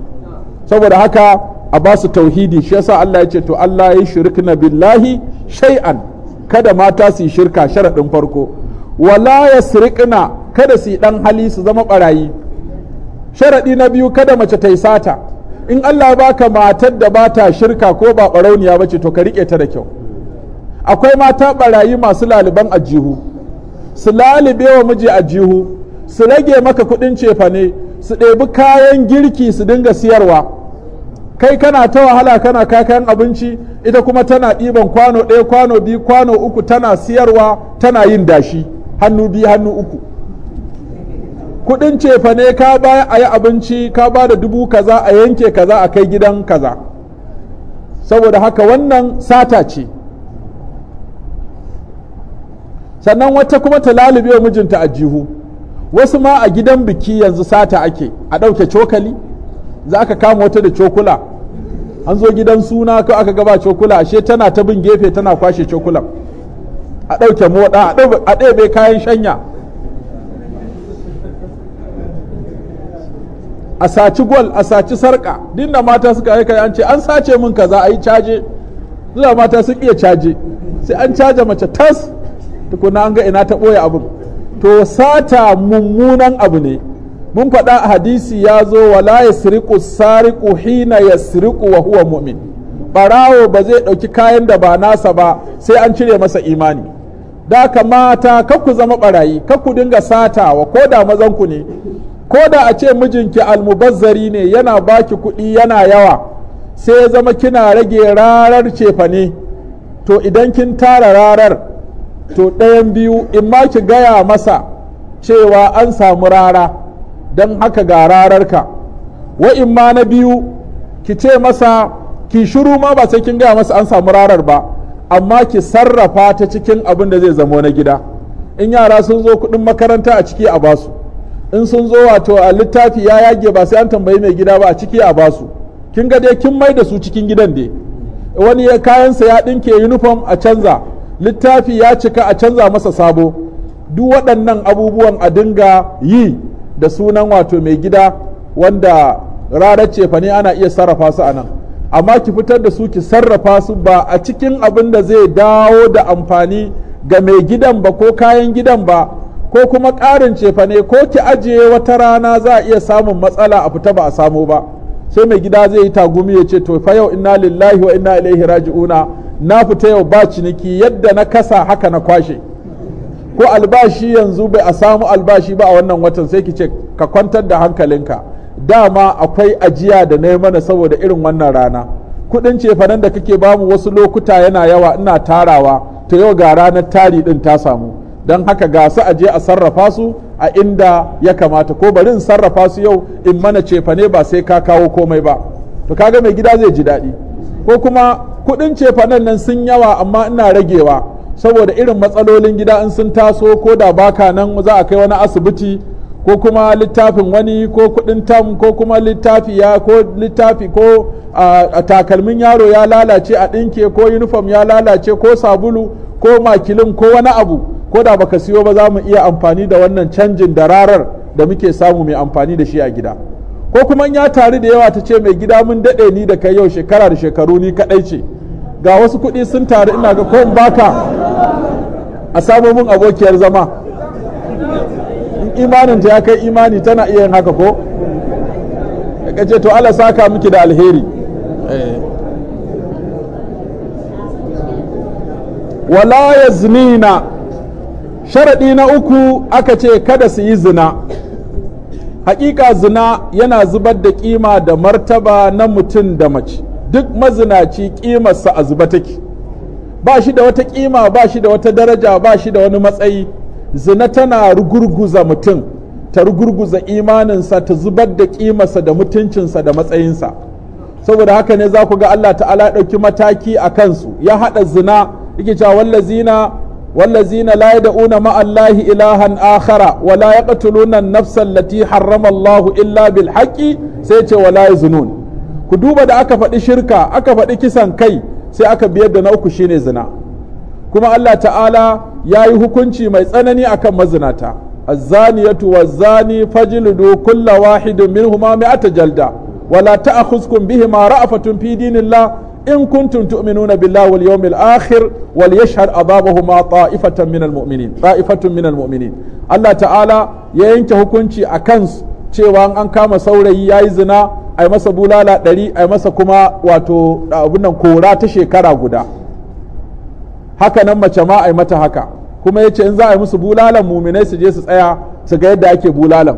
saboda haka a ba su tauhidi shi yasa Allah ya ce to Allah ya shirkna billahi shay'an kada mata su shirka sharaɗin farko wala yasriqna kada su dan hali su zama barayi sharaɗi na biyu kada mace ta yi sata in Allah ba ka matar da ba ta shirka ko ba ɓarauniya ba ce, to ka riƙe ta da kyau akwai mata ɓarayi masu laliban ajihu su lalibe wa miji ajihu su rage maka kuɗin cefane su ɗebi kayan girki su dinga siyarwa kai kana ta wahala kana kayan abinci ita kuma tana ɗiban kwano ɗaya kwano biyu kwano uku tana siyarwa tana yin dashi hannu biyu hannu uku kudin cefa ne ka baya a yi abinci ka ba da dubu kaza a yanke kaza a kai gidan kaza saboda haka wannan sata ce sannan wata kuma ta lalube wa mijinta a jihu wasu ma a gidan biki yanzu sata ake a ɗauke cokali za ka kama wata da cokula an zo gidan suna ka aka gaba cokula ashe tana ta bin gefe tana kwashe cokulan a ɗauke moɗa a ɗebe kayan shanya a saci gwal a saci sarka dinda mata suka aika an ce an sace min kaza a yi caje zuwa mata sun iya caje sai an caje mace tas tukuna an ga ina ta ɓoye abin to sata mummunan abu ne mun faɗa a hadisi ya zo wala ya siriku sariku hina ya siriku wa huwa mu'min ɓarawo ba zai ɗauki kayan da ba nasa ba sai an cire masa imani da kamata kakku zama ɓarayi kakku dinga satawa ko da mazanku ne ko da a ce mijinki almubazzari ne yana baki kuɗi yana yawa sai ya zama kina rage rarar cefane to idan kin tara rarar to ɗayan biyu in ma ki gaya masa cewa an samu rara don haka ga rararka wa in ma na biyu ki ce masa ki shiru ma ba sai kin gaya masa an samu rarar ba amma ki sarrafa ta cikin abin da zai zamo na gida in yara sun zo kuɗin makaranta a ciki a basu in sun zo wato a littafi ya yage ba sai an tambayi mai gida ba a ciki a basu kin ga dai kin mai da su cikin gidan dai wani ya kayansa ya ɗinke uniform a canza littafi ya cika a canza masa sabo duk waɗannan abubuwan a dinga yi da sunan wato mai gida wanda rarar cefa ne ana iya sarrafa su a nan amma ki fitar da su ki sarrafa su ba a cikin abin da zai dawo da amfani ga mai gidan ba ko kayan gidan ba ko kuma ƙarin cefa ne ko ki ajiye wata rana za a iya samun matsala a fita ba a samo ba sai mai gida zai yi tagumi ya ce to fa yau inna lillahi wa inna ilaihi raji'una na fita yau ba ciniki yadda na kasa haka na kwashe ko albashi yanzu bai a samu albashi ba a wannan watan sai ki ce ka kwantar da hankalinka dama akwai ajiya da na mana saboda irin wannan rana kudin cefanen da kake bamu wasu lokuta yana yawa ina tarawa to yau ga ranar tari ɗin ta samu don haka ga su aje a sarrafa su a inda ya kamata ko bari in sarrafa su yau in mana cefane ba sai ka kawo komai ba to kaga mai gida zai ji daɗi ko kuma kuɗin cefanen nan sun yawa amma ina ragewa saboda irin matsalolin gida in sun taso ko da baka nan za a kai wani asibiti ko kuma littafin wani ko kuɗin tam ko kuma littafi ya ko littafi ko a takalmin yaro ya lalace a ɗinke ko uniform ya lalace ko sabulu ko makilin ko wani abu ko da baka siyo ba za mu iya amfani da wannan canjin da rarar da muke samu mai amfani da shi a gida ko kuma ya tari da yawa ta ce mai gida mun daɗe ni da kai yau shekara da shekaru ni kaɗai ce ga wasu kuɗi sun taru ina ga ko baka a samu mun abokiyar zama in imanin ta ya kai imani tana iya yin haka ko ka ce to Allah saka miki da alheri eh. wala yaznina sharaɗi na uku aka ce kada su yi zina hakika zina yana zubar da kima da martaba na mutum da mace duk mazinaci kimarsa a zuba take ba shi da wata kima ba shi da wata daraja ba shi da wani matsayi zina tana rugurguza mutum ta rugurguza imaninsa ta zubar da kimarsa da mutuncinsa da matsayinsa saboda haka ne za ku ga Allah ta'ala ya ɗauki mataki a kansu ya haɗa zina yake cewa wallazina والذين لا يدعون مع الله إلها آخر ولا يقتلون النفس التي حرم الله إلا بالحق سيتي ولا يزنون كدوبة دا أكا فدي شركة أكا فدي كسان كي سي أكا بيد نوكو شيني زنا كما الله تعالى يا يهكنشي ما يسأنني أكا مزناتا الزانية والزاني فجلدوا كل واحد منهما مئة جلدة ولا تأخذكم بهما رأفة في دين الله in kuntum tu'minuna billahi wal yawmil akhir wal yashhad adabahuma ta'ifatan minal mu'minin ta'ifatun minal mu'minin Allah ta'ala ya yanke hukunci a kansu cewa an kama saurayi yayi zina ai masa bulala ɗari ai masa kuma wato abin kora ta shekara guda haka nan mace ma ai mata haka kuma ya ce in za a yi musu bulalan muminai su je su tsaya su ga yadda ake bulalan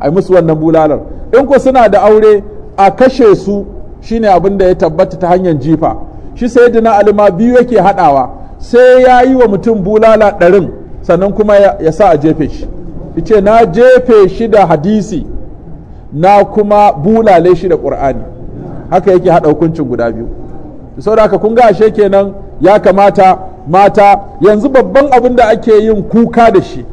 ai musu wannan bulalar in ku suna da aure a kashe su shi ne abin da ya tabbata ta hanyar jifa shi sai na alima biyu yake haɗawa sai ya yi wa mutum bulala ɗarin sannan kuma ya sa a jefe shi ice na jefe shi da hadisi na kuma bulale shi da ƙur'ani haka yake haɗa hukuncin guda biyu saboda haka kun ga ashe kenan ya kamata mata yanzu babban abin da ake yin kuka da shi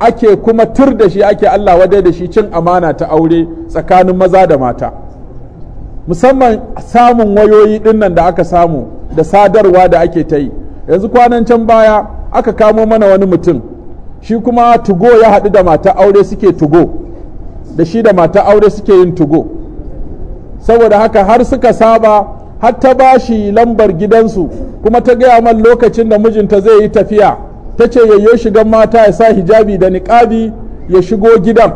ake kuma tur da shi ake Allah wadai da shi cin amana ta aure tsakanin maza da mata musamman samun wayoyi dinnan da aka samu da sadarwa da ake ta yi yanzu kwanan can baya aka kamo mana wani mutum shi kuma tugo ya haɗu da mata aure suke tugo da shi da mata aure suke yin tugo saboda haka har suka saba har ta ba shi lambar gidansu kuma ta gaya man lokacin da mijinta zai yi tafiya ta ce yayyo shigan mata ya sa hijabi da niƙabi ya shigo gidan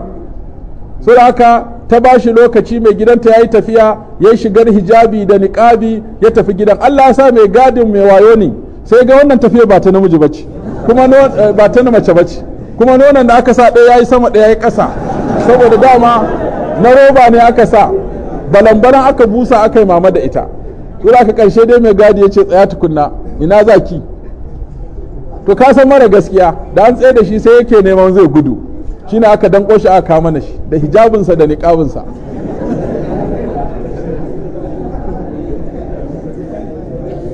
saboda haka ta ba shi lokaci mai gidanta ya yi tafiya ya shigar hijabi da niƙabi ya tafi gidan allah sa mai gadin mai wayo ne sai ga wannan tafiya ba ta namiji kuma eh, ba ta mace ba ce kuma nonon da aka sa ɗaya ya yi sama ɗaya ya ƙasa saboda dama na roba ne aka sa balambaran aka busa aka yi mama da ita tura ka ƙarshe dai mai gadi ya ce tsaya tukunna ina zaki to ka san mara gaskiya da an tsaye da shi sai yake neman zai gudu shine aka danko shi aka kama shi da hijabinsa da niƙabinsa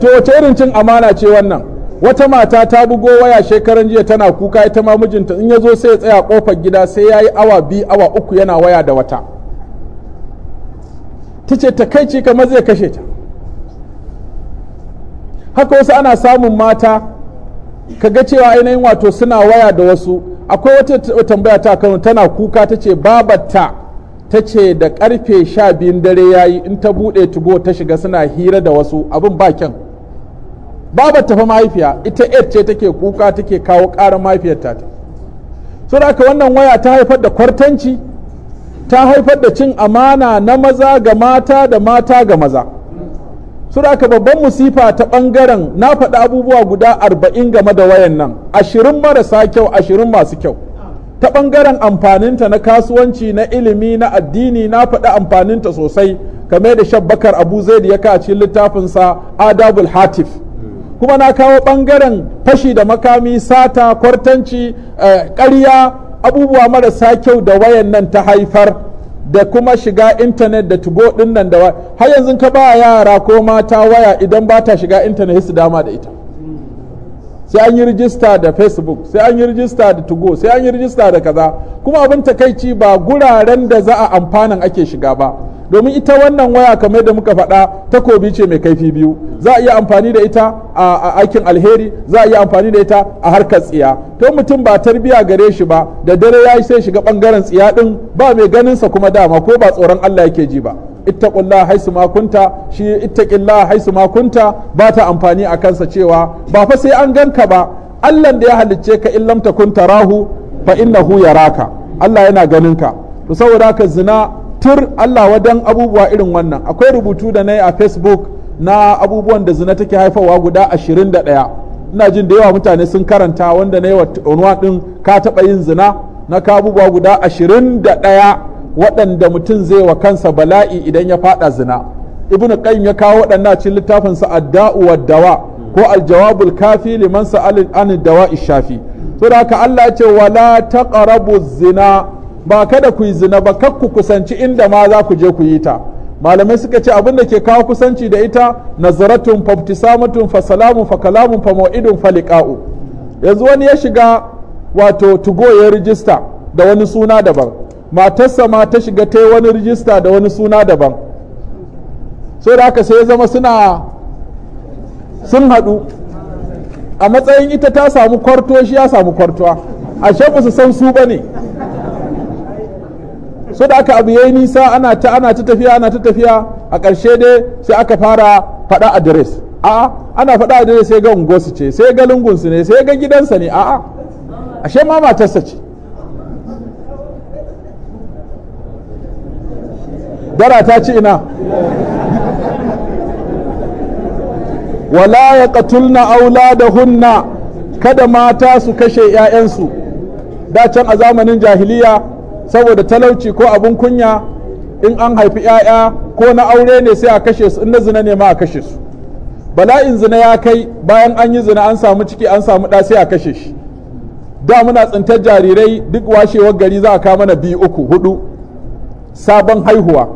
to wace irin cin amana ce wannan wata mata ta bugo waya shekaran jiya tana kuka ita ma mijinta in ya zo sai ya tsaya kofar gida sai ya yi awa biyu awa uku yana waya da wata ta ce ta kai kamar zai kashe ta haka wasu ana samun mata ka ga cewa ainihin wato suna waya da wasu akwai wata tambaya ta kano tana kuka ta ce babatta ta ce da karfe sha biyun dare ya yi in ta buɗe tugo ta shiga suna hira da wasu abin ba kyan fa mahaifiya ita ed ce take kuka take kawo ƙarar mahaifiyarta ta so da aka wannan waya ta haifar da kwartanci ta haifar da cin amana na maza ga mata da mata ga maza su da babban musifa ta ɓangaren na faɗi abubuwa guda arba'in game da wayan nan ashirin marasa kyau ashirin masu kyau ta ɓangaren amfaninta na kasuwanci na ilimi na addini na faɗi amfaninta sosai game da shabbakar abu zaid ya ka cikin littafinsa adabul hatif kuma na kawo ɓangaren fashi da makami sata kwartanci eh, ƙarya abubuwa marasa kyau da wayan nan ta haifar da kuma shiga intanet da tugo din nan da har yanzu ka ba yara ko mata waya idan ba ta shiga intanet su dama da ita sai an yi rijista da facebook sai an yi rijista da tugo sai an yi rijista da kaza kuma abin takaici ba guraren da za a amfanan ake shiga ba domin ita wannan waya kamar da muka faɗa takobi ce mai kaifi biyu za a iya amfani da ita a aikin alheri za a iya amfani da ita a harkar tsiya to mutum ba tarbiya gare shi ba da dare ya yi sai shiga bangaren tsiya din ba mai ganinsa kuma dama ko ba tsoron Allah yake ji ba ittaqullaha haisu ma kunta shi ittaqillaha haisu ma kunta ba ta amfani a kansa cewa ba fa sai an ganka ba Allah da ya halicce ka in ta kunta Rahu. fa innahu yaraka Allah yana ganinka to saboda haka zina tur Allah wadan abubuwa irin wannan akwai rubutu da na yi a facebook na abubuwan da zina take haifawa guda 21 ina jin da yawa mutane sun karanta wanda na yi wa ɗin ka taɓa yin zina na ka abubuwa guda 21 waɗanda mutum zai wa kansa bala'i idan ya faɗa zina ibnu qayyim ya kawo waɗannan cikin littafin sa adda'u dawa ko aljawabul kafi liman sa'al an dawa'i shafi saboda haka Allah ya ce wala taqrabu zina ba kada ku yi zina ba kar ku kusanci inda ma za ku je ku yi ta malamai suka ce abin da ke kawo kusanci da ita nazaratun faftisamatun fa salamun fa kalamun fa mau'idun fa liqa'u yanzu wani ya shiga wato tugo ya rijista da wani suna daban matarsa ma ta shiga ta wani rijista da wani suna daban sai da aka sai ya zama suna sun haɗu a matsayin ita ta samu kwarto shi ya samu kwartuwa ashe ba su san su ba ne so da aka abu yayi nisa ana ta ana ta tafiya ana ta tafiya a ƙarshe dai sai aka fara faɗa adires a'a ana faɗa adires sai ga unguwarsu ce sai ga lungunsu ne sai ga gidansa ne a'a ashe ma matarsa ce dara ta ci ina wala ya katulna hunna kada mata su kashe 'ya'yansu da can a zamanin jahiliya saboda talauci ko abun kunya in an haifi 'ya'ya ko na aure ne sai a kashe su in na zina ne ma a kashe su bala'in zina ya kai bayan an yi zina an samu ciki an samu ɗa sai a kashe shi da muna tsintar jarirai duk washewar gari za a kama mana biyu uku hudu sabon haihuwa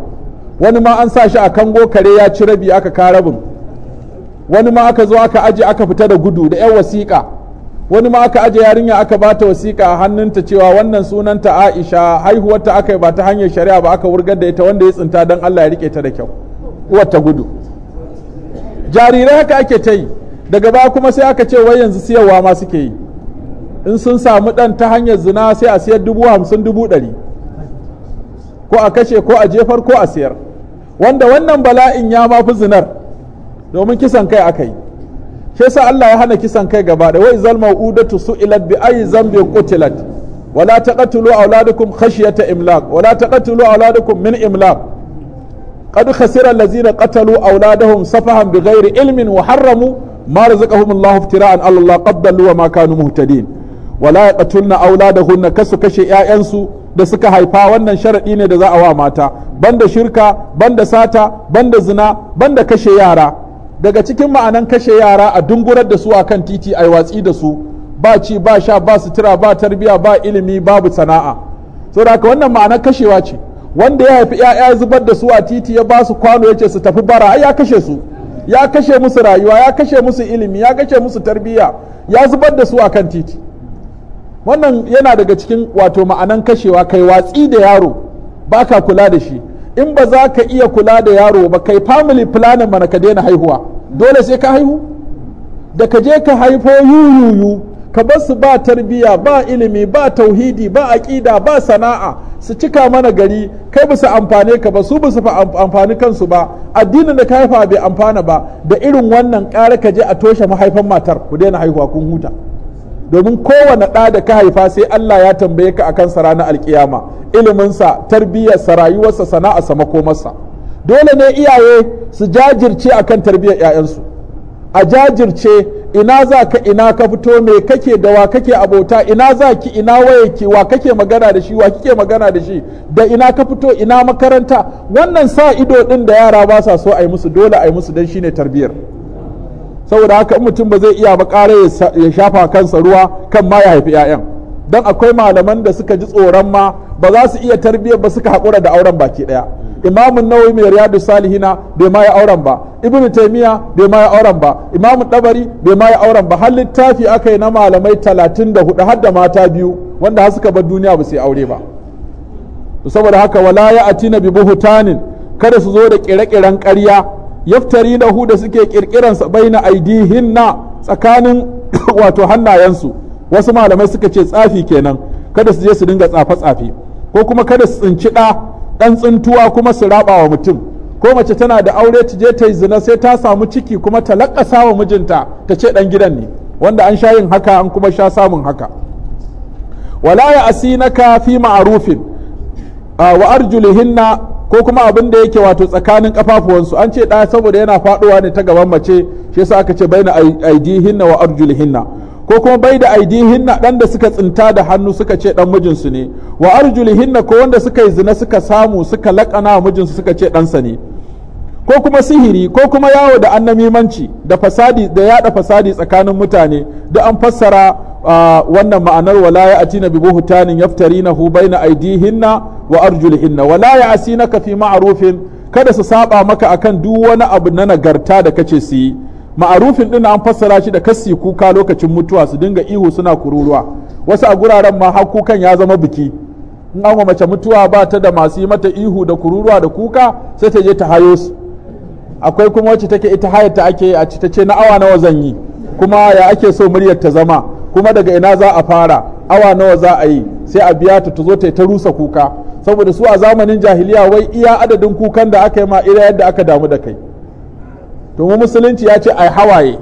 wani ma an sa shi a kango kare ya ci rabi aka ka rabin wani ma aka zo aka aje aka fita da gudu da 'yan wasiƙa wani ma aka aje yarinya aka bata wasiƙa a hannunta cewa wannan sunanta Aisha haihuwarta aka yi ba ta hanyar shari'a ba aka wurgar da ita wanda ya tsinta don Allah ya rike ta da kyau uwar ta gudu jarirai haka ake ta yi daga baya kuma sai aka ce wai yanzu siyarwa ma suke yi in sun samu ɗan ta hanyar zina sai a siyar dubu hamsin dubu ɗari ko a kashe ko a jefar ko a siyar wanda wannan bala'in ya mafi zinar domin kisan kai aka yi shi yasa Allah ya hana kisan kai gaba da wai zal mau'udatu su'ilat bi ayi zambi qutilat wala taqtulu auladakum khashyata imlaq wala taqtulu auladakum min imlaq qad khasira allazina qatalu auladahum safahan bighairi ilmin wa harramu ma razaqahum iftira'an ala Allah qaddalu wa ma kanu muhtadin wala yaqtulna auladahunna kasu kashe 'ya'yansu da suka haifa wannan sharaɗi ne da za a wa mata banda shirka banda sata banda zina banda kashe yara daga cikin ma'anan kashe yara a dungurar da su a kan titi a watsi da su ba ci ba sha ba sutura ba tarbiya ba ilimi babu sana'a saboda haka wannan ma'anar kashewa ce wanda ya haifi ya'ya zubar da su a titi ya ba su kwano ya ce su tafi bara ai ya kashe su ya kashe musu rayuwa ya kashe musu ilimi ya kashe musu tarbiya ya zubar da su a kan titi wannan yana daga cikin wato ma'anan kashewa kai watsi da yaro ba ka kula da shi in ba za ka iya kula da yaro ba kai family planning mana ka daina haihuwa dole sai ka haihu da ka je ka haifo yuyuyu ka bar su ba tarbiya ba ilimi ba tauhidi ba aƙida ba sana'a su cika mana gari kai ba su amfane ka ba su ba su amfani kansu ba addinin da ka haifa bai amfana ba da irin wannan ƙara ka je a toshe mahaifan matar ku daina haihuwa kun huta domin kowane ɗa da ka haifa sai Allah ya tambaye ka akan sa ranar alkiyama iliminsa tarbiyyarsa rayuwarsa sana'arsa makomarsa dole ne iyaye su jajirce akan tarbiyyar 'ya'yansu a jajirce ina za ka ina ka fito me kake da wa kake abota ina za ki ina waye ki wa kake magana da shi wa kike magana da shi da ina ka fito ina makaranta wannan sa ido din da yara ba sa so a yi musu dole a yi musu don ne tarbiyyar saboda haka mutum ba zai iya ba ƙara ya shafa kansa ruwa kan ma ya haifi 'ya'yan don akwai malaman da suka ji tsoron ma ba za su iya tarbiyyar ba suka haƙura da auren baki ɗaya imamun nawawi mai riyadu salihina bai ma ya auren ba ibnu taimiya bai ma ya auren ba imamun dabari bai ma ya auren ba har littafi aka yi na malamai talatin da hudu har da mata biyu wanda har suka bar duniya ba su yi aure ba saboda haka wala ya na bi hutanin kada su zo da kire-kiren ƙarya yaftari na hu da suke sa baina na tsakanin wato hannayensu wasu malamai suka ce tsafi kenan kada su je su dinga tsafe-tsafe ko kuma kada su tsinci ɗa ɗan tsintuwa kuma su raba wa mutum ko mace tana da aure ta je ta yi zina sai ta samu ciki kuma ta lakasa wa mijinta ta ce ɗan gidan ne wanda an sha yin haka an kuma sha samun haka wala ya asinaka fi ma'arufin wa arjulihinna ko kuma abin da yake wato tsakanin kafafuwansu an ce ɗaya saboda yana faɗowa ne ta gaban mace shi yasa aka ce baina aidihinna wa arjulihinna ko kuma bai da hinna dan da suka tsinta da hannu suka ce dan mijinsu ne wa hinna ko wanda suka yi zina suka samu suka laƙana mijinsu suka ce ɗansa ne ko kuma sihiri ko kuma yawo da annamimanci da fasadi da yada fasadi tsakanin mutane da an fassara wannan ma'anar wala ya atina bi buhtanin na baina hinna wa hinna wala ya asinaka fi ma'rufin kada su saba maka akan duk wani abu na nagarta da kace su yi ma'arufin ɗin an fassara shi da kassi kuka lokacin mutuwa su dinga ihu suna kururuwa wasu a guraren ma har kukan ya zama biki in an mace mutuwa ba ta da masu yi mata ihu da kururuwa da kuka sai ta je ta hayo su akwai kuma wacce take ita hayar ta ake a ta ce na awa nawa zan yi kuma ya ake so muryar ta zama kuma daga ina za a fara awa nawa za a yi sai a biya ta zo ta yi ta rusa kuka saboda su a zamanin jahiliya wai iya adadin kukan da aka yi ma ira yadda aka damu da kai domin musulunci ya ce ai hawaye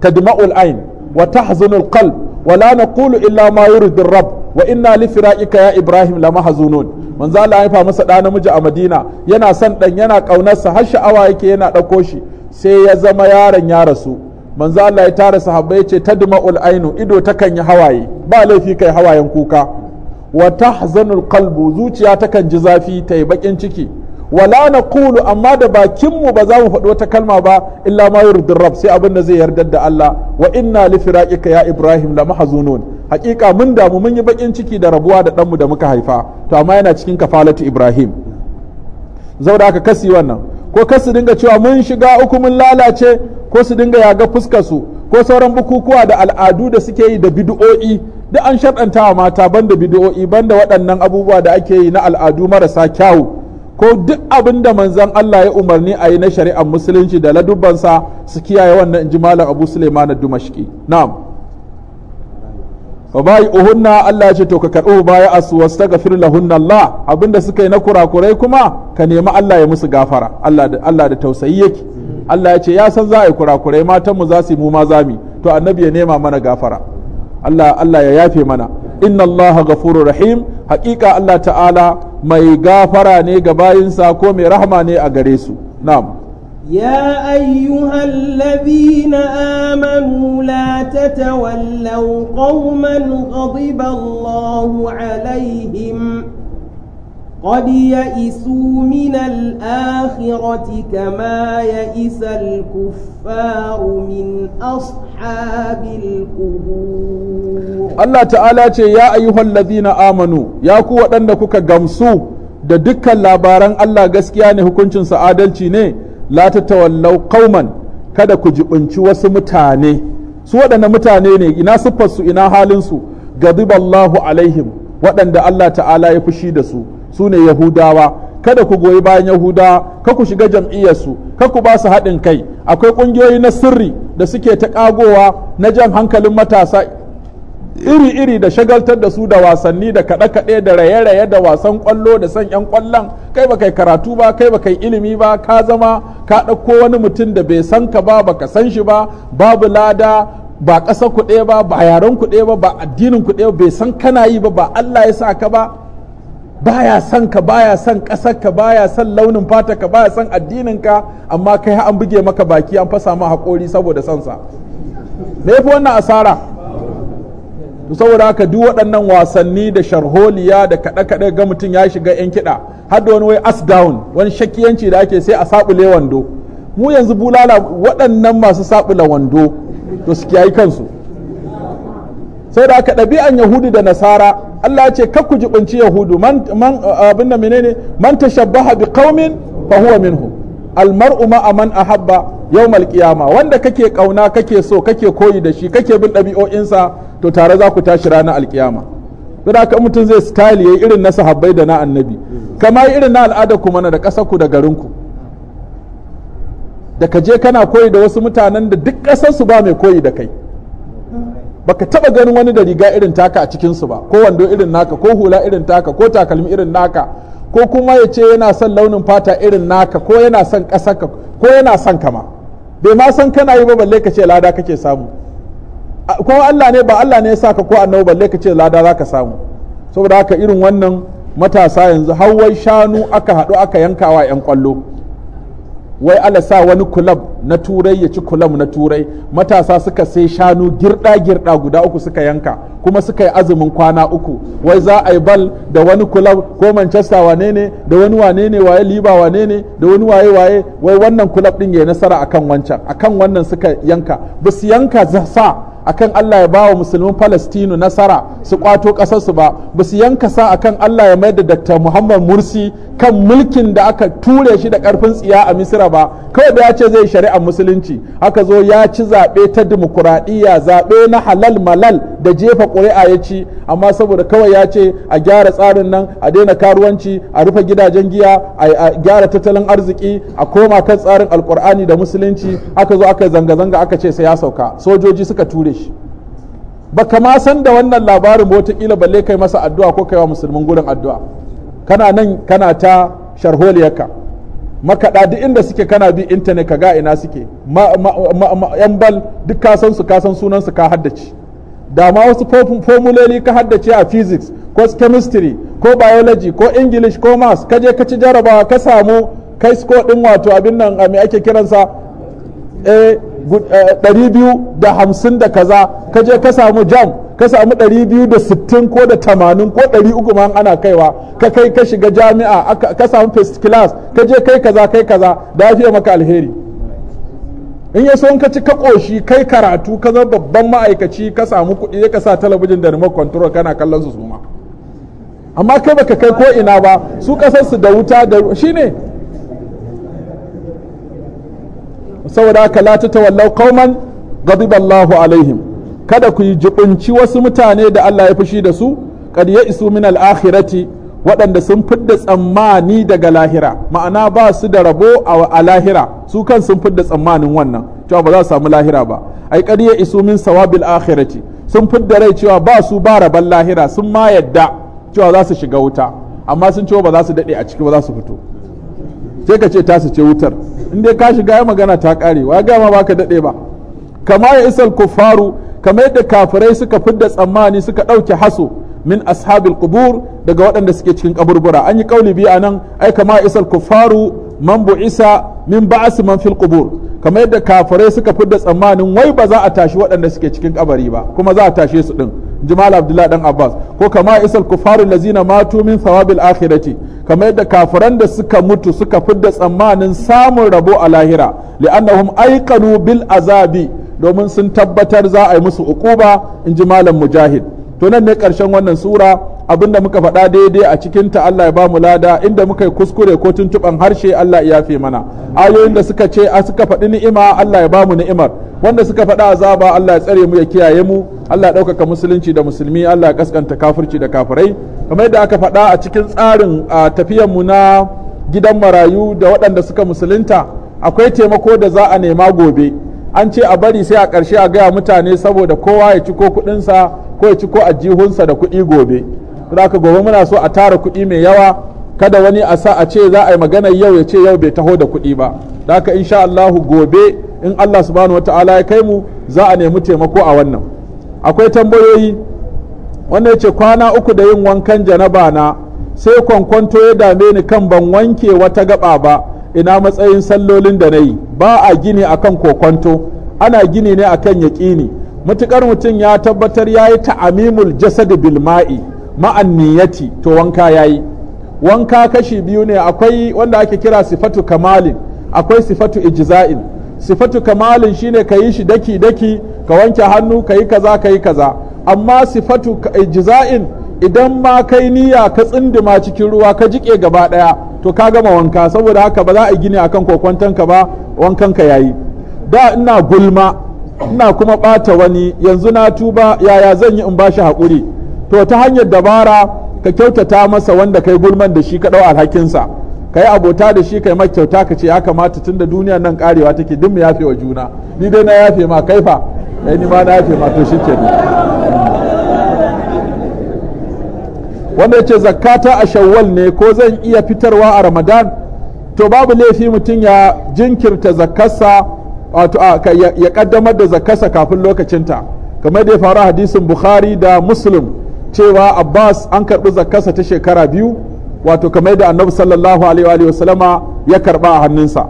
tadma'ul ain wa tahzunul qalb wa la naqulu illa ma yuridu rabb wa inna li fira'ika ya ibrahim la mahzunun manzo Allah ya fa masa da namiji a Madina yana son dan yana kaunarsa har sha'awa yake yana dauko shi sai ya zama yaron ya rasu manzo Allah ya tara sahabbai ce tadma'ul ainu ido takan yi hawaye ba laifi kai hawayen kuka wa tahzanul qalbu zuciya takan ji zafi ta yi bakin ciki wala na kulu amma da bakinmu ba za mu faɗi wata kalma ba illa ma yurdir rab sai abin da zai yarda da Allah wa inna li firaqika ya ibrahim la mahzunun haƙiƙa mun damu mun yi bakin ciki da rabuwa da ɗanmu da muka haifa to amma yana cikin kafalatu ibrahim da aka kasi wannan ko kasu dinga cewa mun shiga uku mun lalace ko su dinga yaga fuskar su ko sauran bukukuwa da al'adu da suke yi da bid'o'i da an shaɗanta ban mata banda bid'o'i banda waɗannan abubuwa da ake yi na al'adu marasa kyawu ko duk abin da manzan Allah ya umarni a yi na shari'ar musulunci da ladubbansa su kiyaye wannan inji malam Abu Sulaiman ad na'am fa bai uhunna Allah ce to ka karɓo baya asu wastaghfir lahunna Allah abinda suka yi na kurakurai kuma ka nemi Allah ya musu gafara Allah da Allah da tausayi yake Allah ya ce ya san za a yi kurakurai matan mu za su mu ma zami to annabi ya nema mana gafara Allah Allah ya yafe mana inna Allah rahim haƙiƙa Allah ta'ala mai gafara ne ga bayinsa ko mai rahama ne a gare su na'am ya ayyuhal ladina amanu la tatawallaw qauman ghadiba Allahu alaihim قد يئسوا من الآخرة كما يئس الكفار من أصحاب القبور الله تعالى يا أيها الذين آمنوا يا قوة أنك gamsu da dukkan labaran Allah gaskiya ne hukuncinsa adalci ne la ta tawallau kada ku jibunci wasu mutane su waɗanda mutane ne ina siffarsu ina halinsu gadiballahu alaihim waɗanda Allah ta'ala ya fushi da su su ne yahudawa kada ku goyi bayan yahudawa ka ku shiga jam'iyyarsu ka ku ba su haɗin kai akwai ƙungiyoyi na sirri da suke ta ƙagowa na jan hankalin matasa iri-iri da shagaltar da su da wasanni da kaɗe-kaɗe da raye-raye da wasan ƙwallo da san 'yan ƙwallon kai ba kai karatu ba kai ba kai ilimi ba ka zama ka ɗauko wani mutum da bai san ka ba baka san shi ba babu lada ba ƙasa kuɗe ba ba yaren kuɗe ba ba addinin kuɗe ba bai san kana yi ba ba Allah ya sa ka ba baya son ka baya son ƙasarka baya son launin fata ka baya son addininka amma kai an buge maka baki an fasa ma haƙori saboda sansa me yafi wannan asara to saboda haka duk waɗannan wasanni da sharholiya da kaɗe-kaɗe ga mutum ya shiga 'yan kiɗa har da wani wai as down wani shakiyanci da ake sai a saɓule wando mu yanzu bulala waɗannan masu saɓula wando to su kiyayi kansu sai da haka ɗabi'an yahudi da nasara Allah ya ce ka ku jibinci yahudu man man abinda menene man tashabbaha bi qaumin fa huwa minhu al mar'u ma man ahabba al qiyama wanda kake kauna kake so kake koyi da shi kake bin ɗabi'o'insa to tare za ku tashi ranar alkiyama saboda haka mutum zai style yayi irin na sahabbai da na annabi kama irin na al'ada ku mana da kasar ku da garin ku da ka je kana koyi da wasu mutanen da duk kasar su ba mai koyi da kai baka taba ganin wani da riga irin taka a cikinsu ba ko wando irin naka ko hula irin taka ko takalmi irin naka ko kuma ya ce yana son launin fata irin naka ko yana son ƙasarka ko yana son kama bai ma san kana yi ba balle ka ce lada kake samu ko Allah ne ba Allah ne ya saka ko annabi balle ka ce lada zaka samu saboda haka irin wannan matasa yanzu hawai shanu aka haɗu aka yankawa 'yan kwallo wai ala sa wani kulab na turai ya ci kulab na turai matasa suka sai shanu girda girda guda uku suka yanka kuma suka yi azumin kwana uku wai za a yi bal da wani kulab ko manchester wane ne da wani wane ne waye liba wane ne da wani waye waye wai wannan kulab din ya yi nasara akan wancan akan wannan suka yanka ba su yanka sa akan Allah ya bawa musulmin Falastinu nasara su kwato ƙasarsu ba ba su yanka sa akan Allah ya mai da Dr. Muhammad Mursi kan mulkin da aka ture shi da karfin tsiya a Misira ba kawai da ya ce zai shari'ar musulunci aka zo ya ci zaɓe ta dimokuraɗiyya zaɓe na halal malal da jefa ƙuri'a ya ci amma saboda kawai ya ce a gyara tsarin nan a daina karuwanci a rufe gidajen giya a gyara tattalin arziki a koma kan tsarin alkur'ani da musulunci aka zo aka zanga-zanga aka ce sai ya sauka sojoji suka ture shi shi baka ma san da wannan labarin wataƙila balle kai masa addu'a ko kai wa musulmin gurin addu'a kana nan kana ta sharholiyarka makaɗa duk inda suke kana bi intanet ka ga ina suke yan bal duk ka kasan su ka haddace da ma wasu formuloli ka haddace a physics ko chemistry ko biology ko english ko mass ka je ka ci jarabawa ka samu kai score din wato abin nan me ake kiransa eh Eh, ɗari biyu da hamsin da kaza ka je ka samu jam ka samu ɗari biyu da sittin ko da tamanin ko ɗari uku ma ana kaiwa ka kai ka shiga jami'a ka samu first class ka je kai kaza kai kaza da ya maka alheri in ya so ka ci ka ƙoshi kai karatu ka zama babban ma'aikaci ka samu kuɗi ka sa talabijin da remote control kana kallon su suma amma kai baka kai ko ina ba su kasar su da wuta da shine saboda haka la tatawallaw qauman ghadiba Allahu alaihim kada ku yi jibinci wasu mutane da Allah ya fushi da su kad ya isu min al-akhirati waɗanda sun fidda tsammani daga lahira ma'ana ba su da rabo a lahira su kan sun fidda tsammanin wannan cewa ba za su samu lahira ba ai kad ya isu min sawabil akhirati sun fidda rai cewa ba su ba rabon lahira sun ma yadda cewa za su shiga wuta amma sun cewa ba za su daɗe a ciki ba za su fito sai ka ce tasu ce wutar in dai ka shiga ya magana ta kare wa gama ba ka daɗe ba kama ya isal kufaru kama yadda kafirai suka fidda tsammani suka dauke haso min ashabil qubur daga waɗanda suke cikin kaburbura an yi kauli biya nan ai kama isal kufaru man isa min ba'asi man fil qubur kama yadda kafirai suka fidda tsammanin wai ba za a tashi waɗanda suke cikin kabari ba kuma za a tashe su ɗin jimal abdullahi dan abbas ko kama isal kufaru lazina matu min thawabil akhirati kama yadda kafiran da suka mutu suka fidda tsammanin samun rabo a lahira li'annahum ayqanu bil azabi domin sun tabbatar za a yi musu uquba in ji malam mujahid to nan ne karshen wannan sura abinda muka faɗa daidai a cikin ta Allah ya ba mu lada inda muka yi kuskure ko tuntuban harshe Allah ya yafe mana ayoyin da suka ce a suka faɗi ni'ima Allah ya ba mu ni'imar wanda suka faɗa azaba Allah ya tsare mu ya kiyaye mu Allah ya ɗaukaka musulunci da musulmi Allah ya kaskanta kafirci da kafirai kamar yadda aka faɗa a cikin tsarin tafiyar mu na gidan marayu da waɗanda suka musulunta akwai taimako da za a nema gobe an ce a bari sai a ƙarshe a gaya mutane saboda kowa ya ci ko kuɗinsa ko ya ci ko ajihunsa da kuɗi gobe. aka gobe muna so a tara kuɗi mai yawa kada wani a sa a ce za a yi magana yau ya ce yau bai taho da kuɗi ba da haka insha Allah gobe in Allah subhanahu ta'ala ya kai mu za a nemi taimako a wannan akwai tambayoyi wannan yace kwana uku da yin wankan janaba na sai kwankwanto ya dame ni kan ban wanke wata gaba ba ina matsayin sallolin da na yi ba a gini akan kokwanto ana gini ne akan yaƙini mutukar mutum ya tabbatar ya yi ta'amimul jasad bilma'i ma'an niyyati to wanka yayi wanka kashi biyu ne akwai wanda ake kira sifatu kamalin akwai sifatu ijza'in sifatu kamalin shine ka yi shi daki daki ka wanke hannu ka yi kaza ka yi kaza amma sifatu ijza'in idan ma kai niyya ka tsindima cikin ruwa ka jike gaba daya to ka gama wanka saboda haka ba za a gini akan kokwantanka ba wankan ka yayi da ina gulma ina kuma bata wani yanzu na tuba yaya zan yi in bashi hakuri to ta hanyar dabara ka kyautata masa wanda kai gulman da shi ka ɗau alhakinsa ka yi abota da shi ka yi kyauta ka ce ya kamata tunda duniya nan karewa take duk mu yafe wa juna ni dai na yafe ma kai fa kai eh, ni ma na yafe ma to shike ne wanda yace zakata a shawwal ne ko zan iya fitarwa a ramadan to babu laifi mutum ya jinkirta zakarsa wato ya kaddamar da zakarsa kafin lokacinta kamar da ya faru hadisin bukhari da muslim cewa Abbas an karɓi zakkarsa ta shekara biyu wato kamar da annabi sallallahu alaihi wa sallama ya karɓa a hannunsa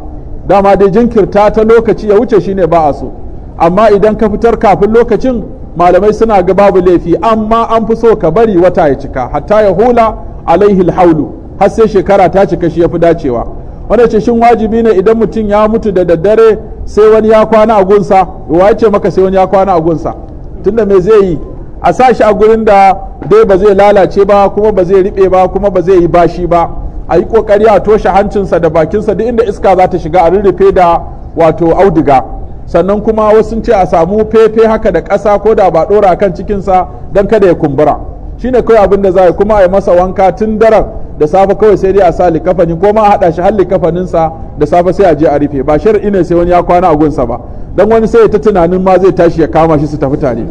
dama dai jinkirta ta lokaci ya wuce shine ba a so amma idan ka fitar kafin lokacin malamai suna ga babu laifi amma an fi so ka bari wata ya cika hatta ya hula alaihi alhaulu har sai shekara ta cika shi ya fi dacewa wanda ce shin wajibi ne idan mutum ya mutu da daddare sai wani ya kwana a gunsa wa ya ce maka sai wani ya kwana a gunsa tunda me zai yi a sa shi a gurin da dai ba zai lalace ba kuma ba zai riɓe ba kuma ba zai yi bashi ba a yi ƙoƙari a toshe hancinsa da bakinsa duk inda iska za ta shiga a rurrufe da wato auduga sannan kuma wasu ce a samu fefe haka da ƙasa ko da ba ɗora kan cikinsa don kada ya kumbura shine kawai abin da za a kuma a yi masa wanka tun daren da safe kawai sai dai a sa likafani ko ma a haɗa shi har likafaninsa da safe sai a je a rufe ba shirin ne sai wani ya kwana a gunsa ba don wani sai ta tunanin ma zai tashi ya kama shi su tafi tare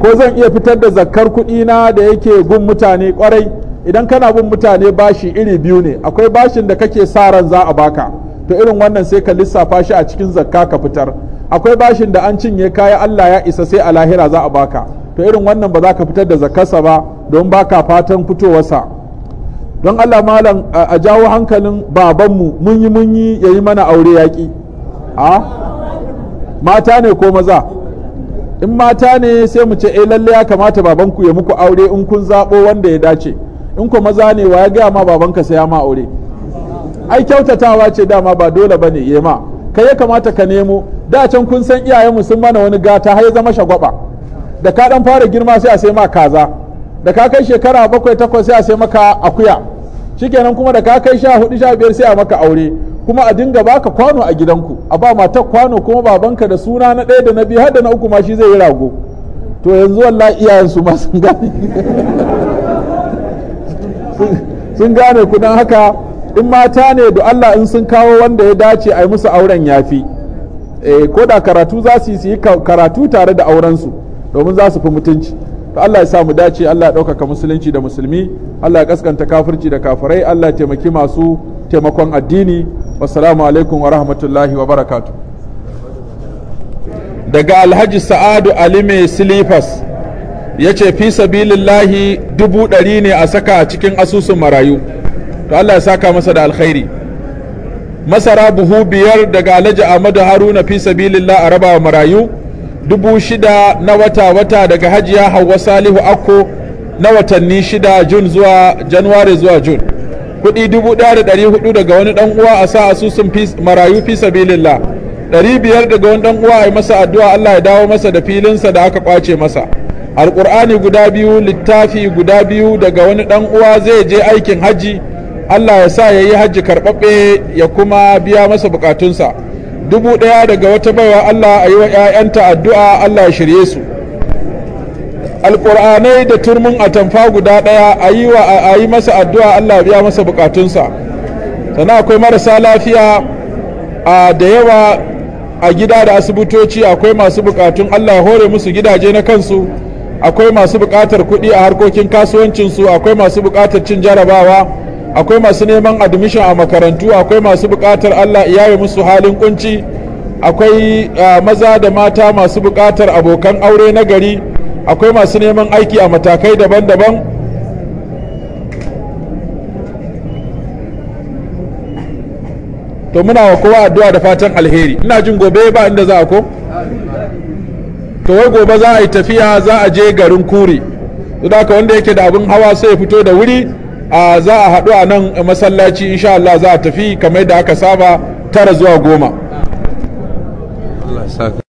ko zan iya fitar da zakkar kuɗina da yake gun mutane kwarai idan kana bin mutane bashi iri biyu ne akwai bashin da kake sa ran za a baka to irin wannan sai ka lissafa shi a cikin zakka ka fitar akwai bashin da an cinye kaya Allah ya isa sai a lahira za a baka to irin wannan ba za ka fitar da zakkarsa ba don baka fatan fitowarsa don Allah malam a jawo hankalin babanmu mun yi mun yi yayi mana aure yaƙi a mata ne ko maza in mata ne sai mu ce eh lalle ya kamata babanku ya muku aure in kun zabo wanda ya dace in ku maza ne wa ya gaya ma babanka sai ya ma aure ai kyautatawa ce dama ba dole ba ne ma kai ya kamata ka nemo da can kun san iyayenmu sun mana wani gata har ya zama shagwaba da ka dan fara girma sai a sai ma kaza da ka kai shekara bakwai takwas sai a sai maka akuya shikenan kuma da ka kai sha hudu sha biyar sai a maka aure kuma a dinga baka kwano a gidanku a ba matar kwano kuma babanka da suna na ɗaya da na biyu har da na uku ma shi zai yi rago to yanzu wallahi iyayen su ma sun gane sun gane ku don haka in mata ne da Allah in sun kawo wanda ya dace a yi musu auren yafi e, eh, ko da karatu za su yi karatu tare da aurensu domin za su fi mutunci to Allah ya sa mu dace Allah ya ɗaukaka musulunci da musulmi Allah ya kaskanta kafirci da kafirai Allah ya taimaki masu taimakon addini wasalamu alaikum wa rahmatullahi wa barakatu daga alhaji sa'adu ali mai silifas ya ce fi sabilillahi dubu ɗari ne a saka a cikin asusun marayu to allah ya saka masa da alkhairi masara buhu biyar daga alhaji Amadu haruna fi sabilillah a raba marayu dubu shida na wata-wata daga hajiya hawa salihu akko na watanni shida jun zuwa januwari zuwa jun kuɗi dubu ɗaya da ɗari hudu daga wani ɗan uwa a sa asusun marayu fi sabilillah ɗari biyar daga wani ɗan uwa a yi masa addu'a Allah ya dawo masa da filinsa da aka ƙwace masa alƙur'ani guda biyu littafi guda biyu daga wani ɗan uwa zai je aikin hajji Allah ya sa ya yi hajji karɓaɓɓe ya kuma biya masa buƙatunsa dubu ɗaya daga wata baiwa Allah a yi wa 'ya'yanta addu'a Allah ya shirye su alƙur'anai da turmin atamfa guda ɗaya a yi masa addu'a Allah biya masa bukatunsa sannan akwai marasa lafiya a da yawa a gida da asibitoci akwai masu bukatun Allah ya hore musu gidaje na kansu akwai masu bukatar kuɗi a harkokin kasuwancinsu akwai masu bukatar cin jarabawa akwai masu neman admission a makarantu akwai masu bukatar Allah ya yi musu halin kunci akwai maza da mata masu bukatar abokan aure na gari akwai masu neman aiki a matakai daban-daban to muna wa kowa addu'a da fatan alheri ina jin gobe ba inda za a ko to wai gobe za a yi tafiya za a je garin kuri haka wanda yake da abin hawa sai ya fito da wuri a za a haɗu a nan masallaci insha Allah za a tafi kamar da aka saba tara zuwa goma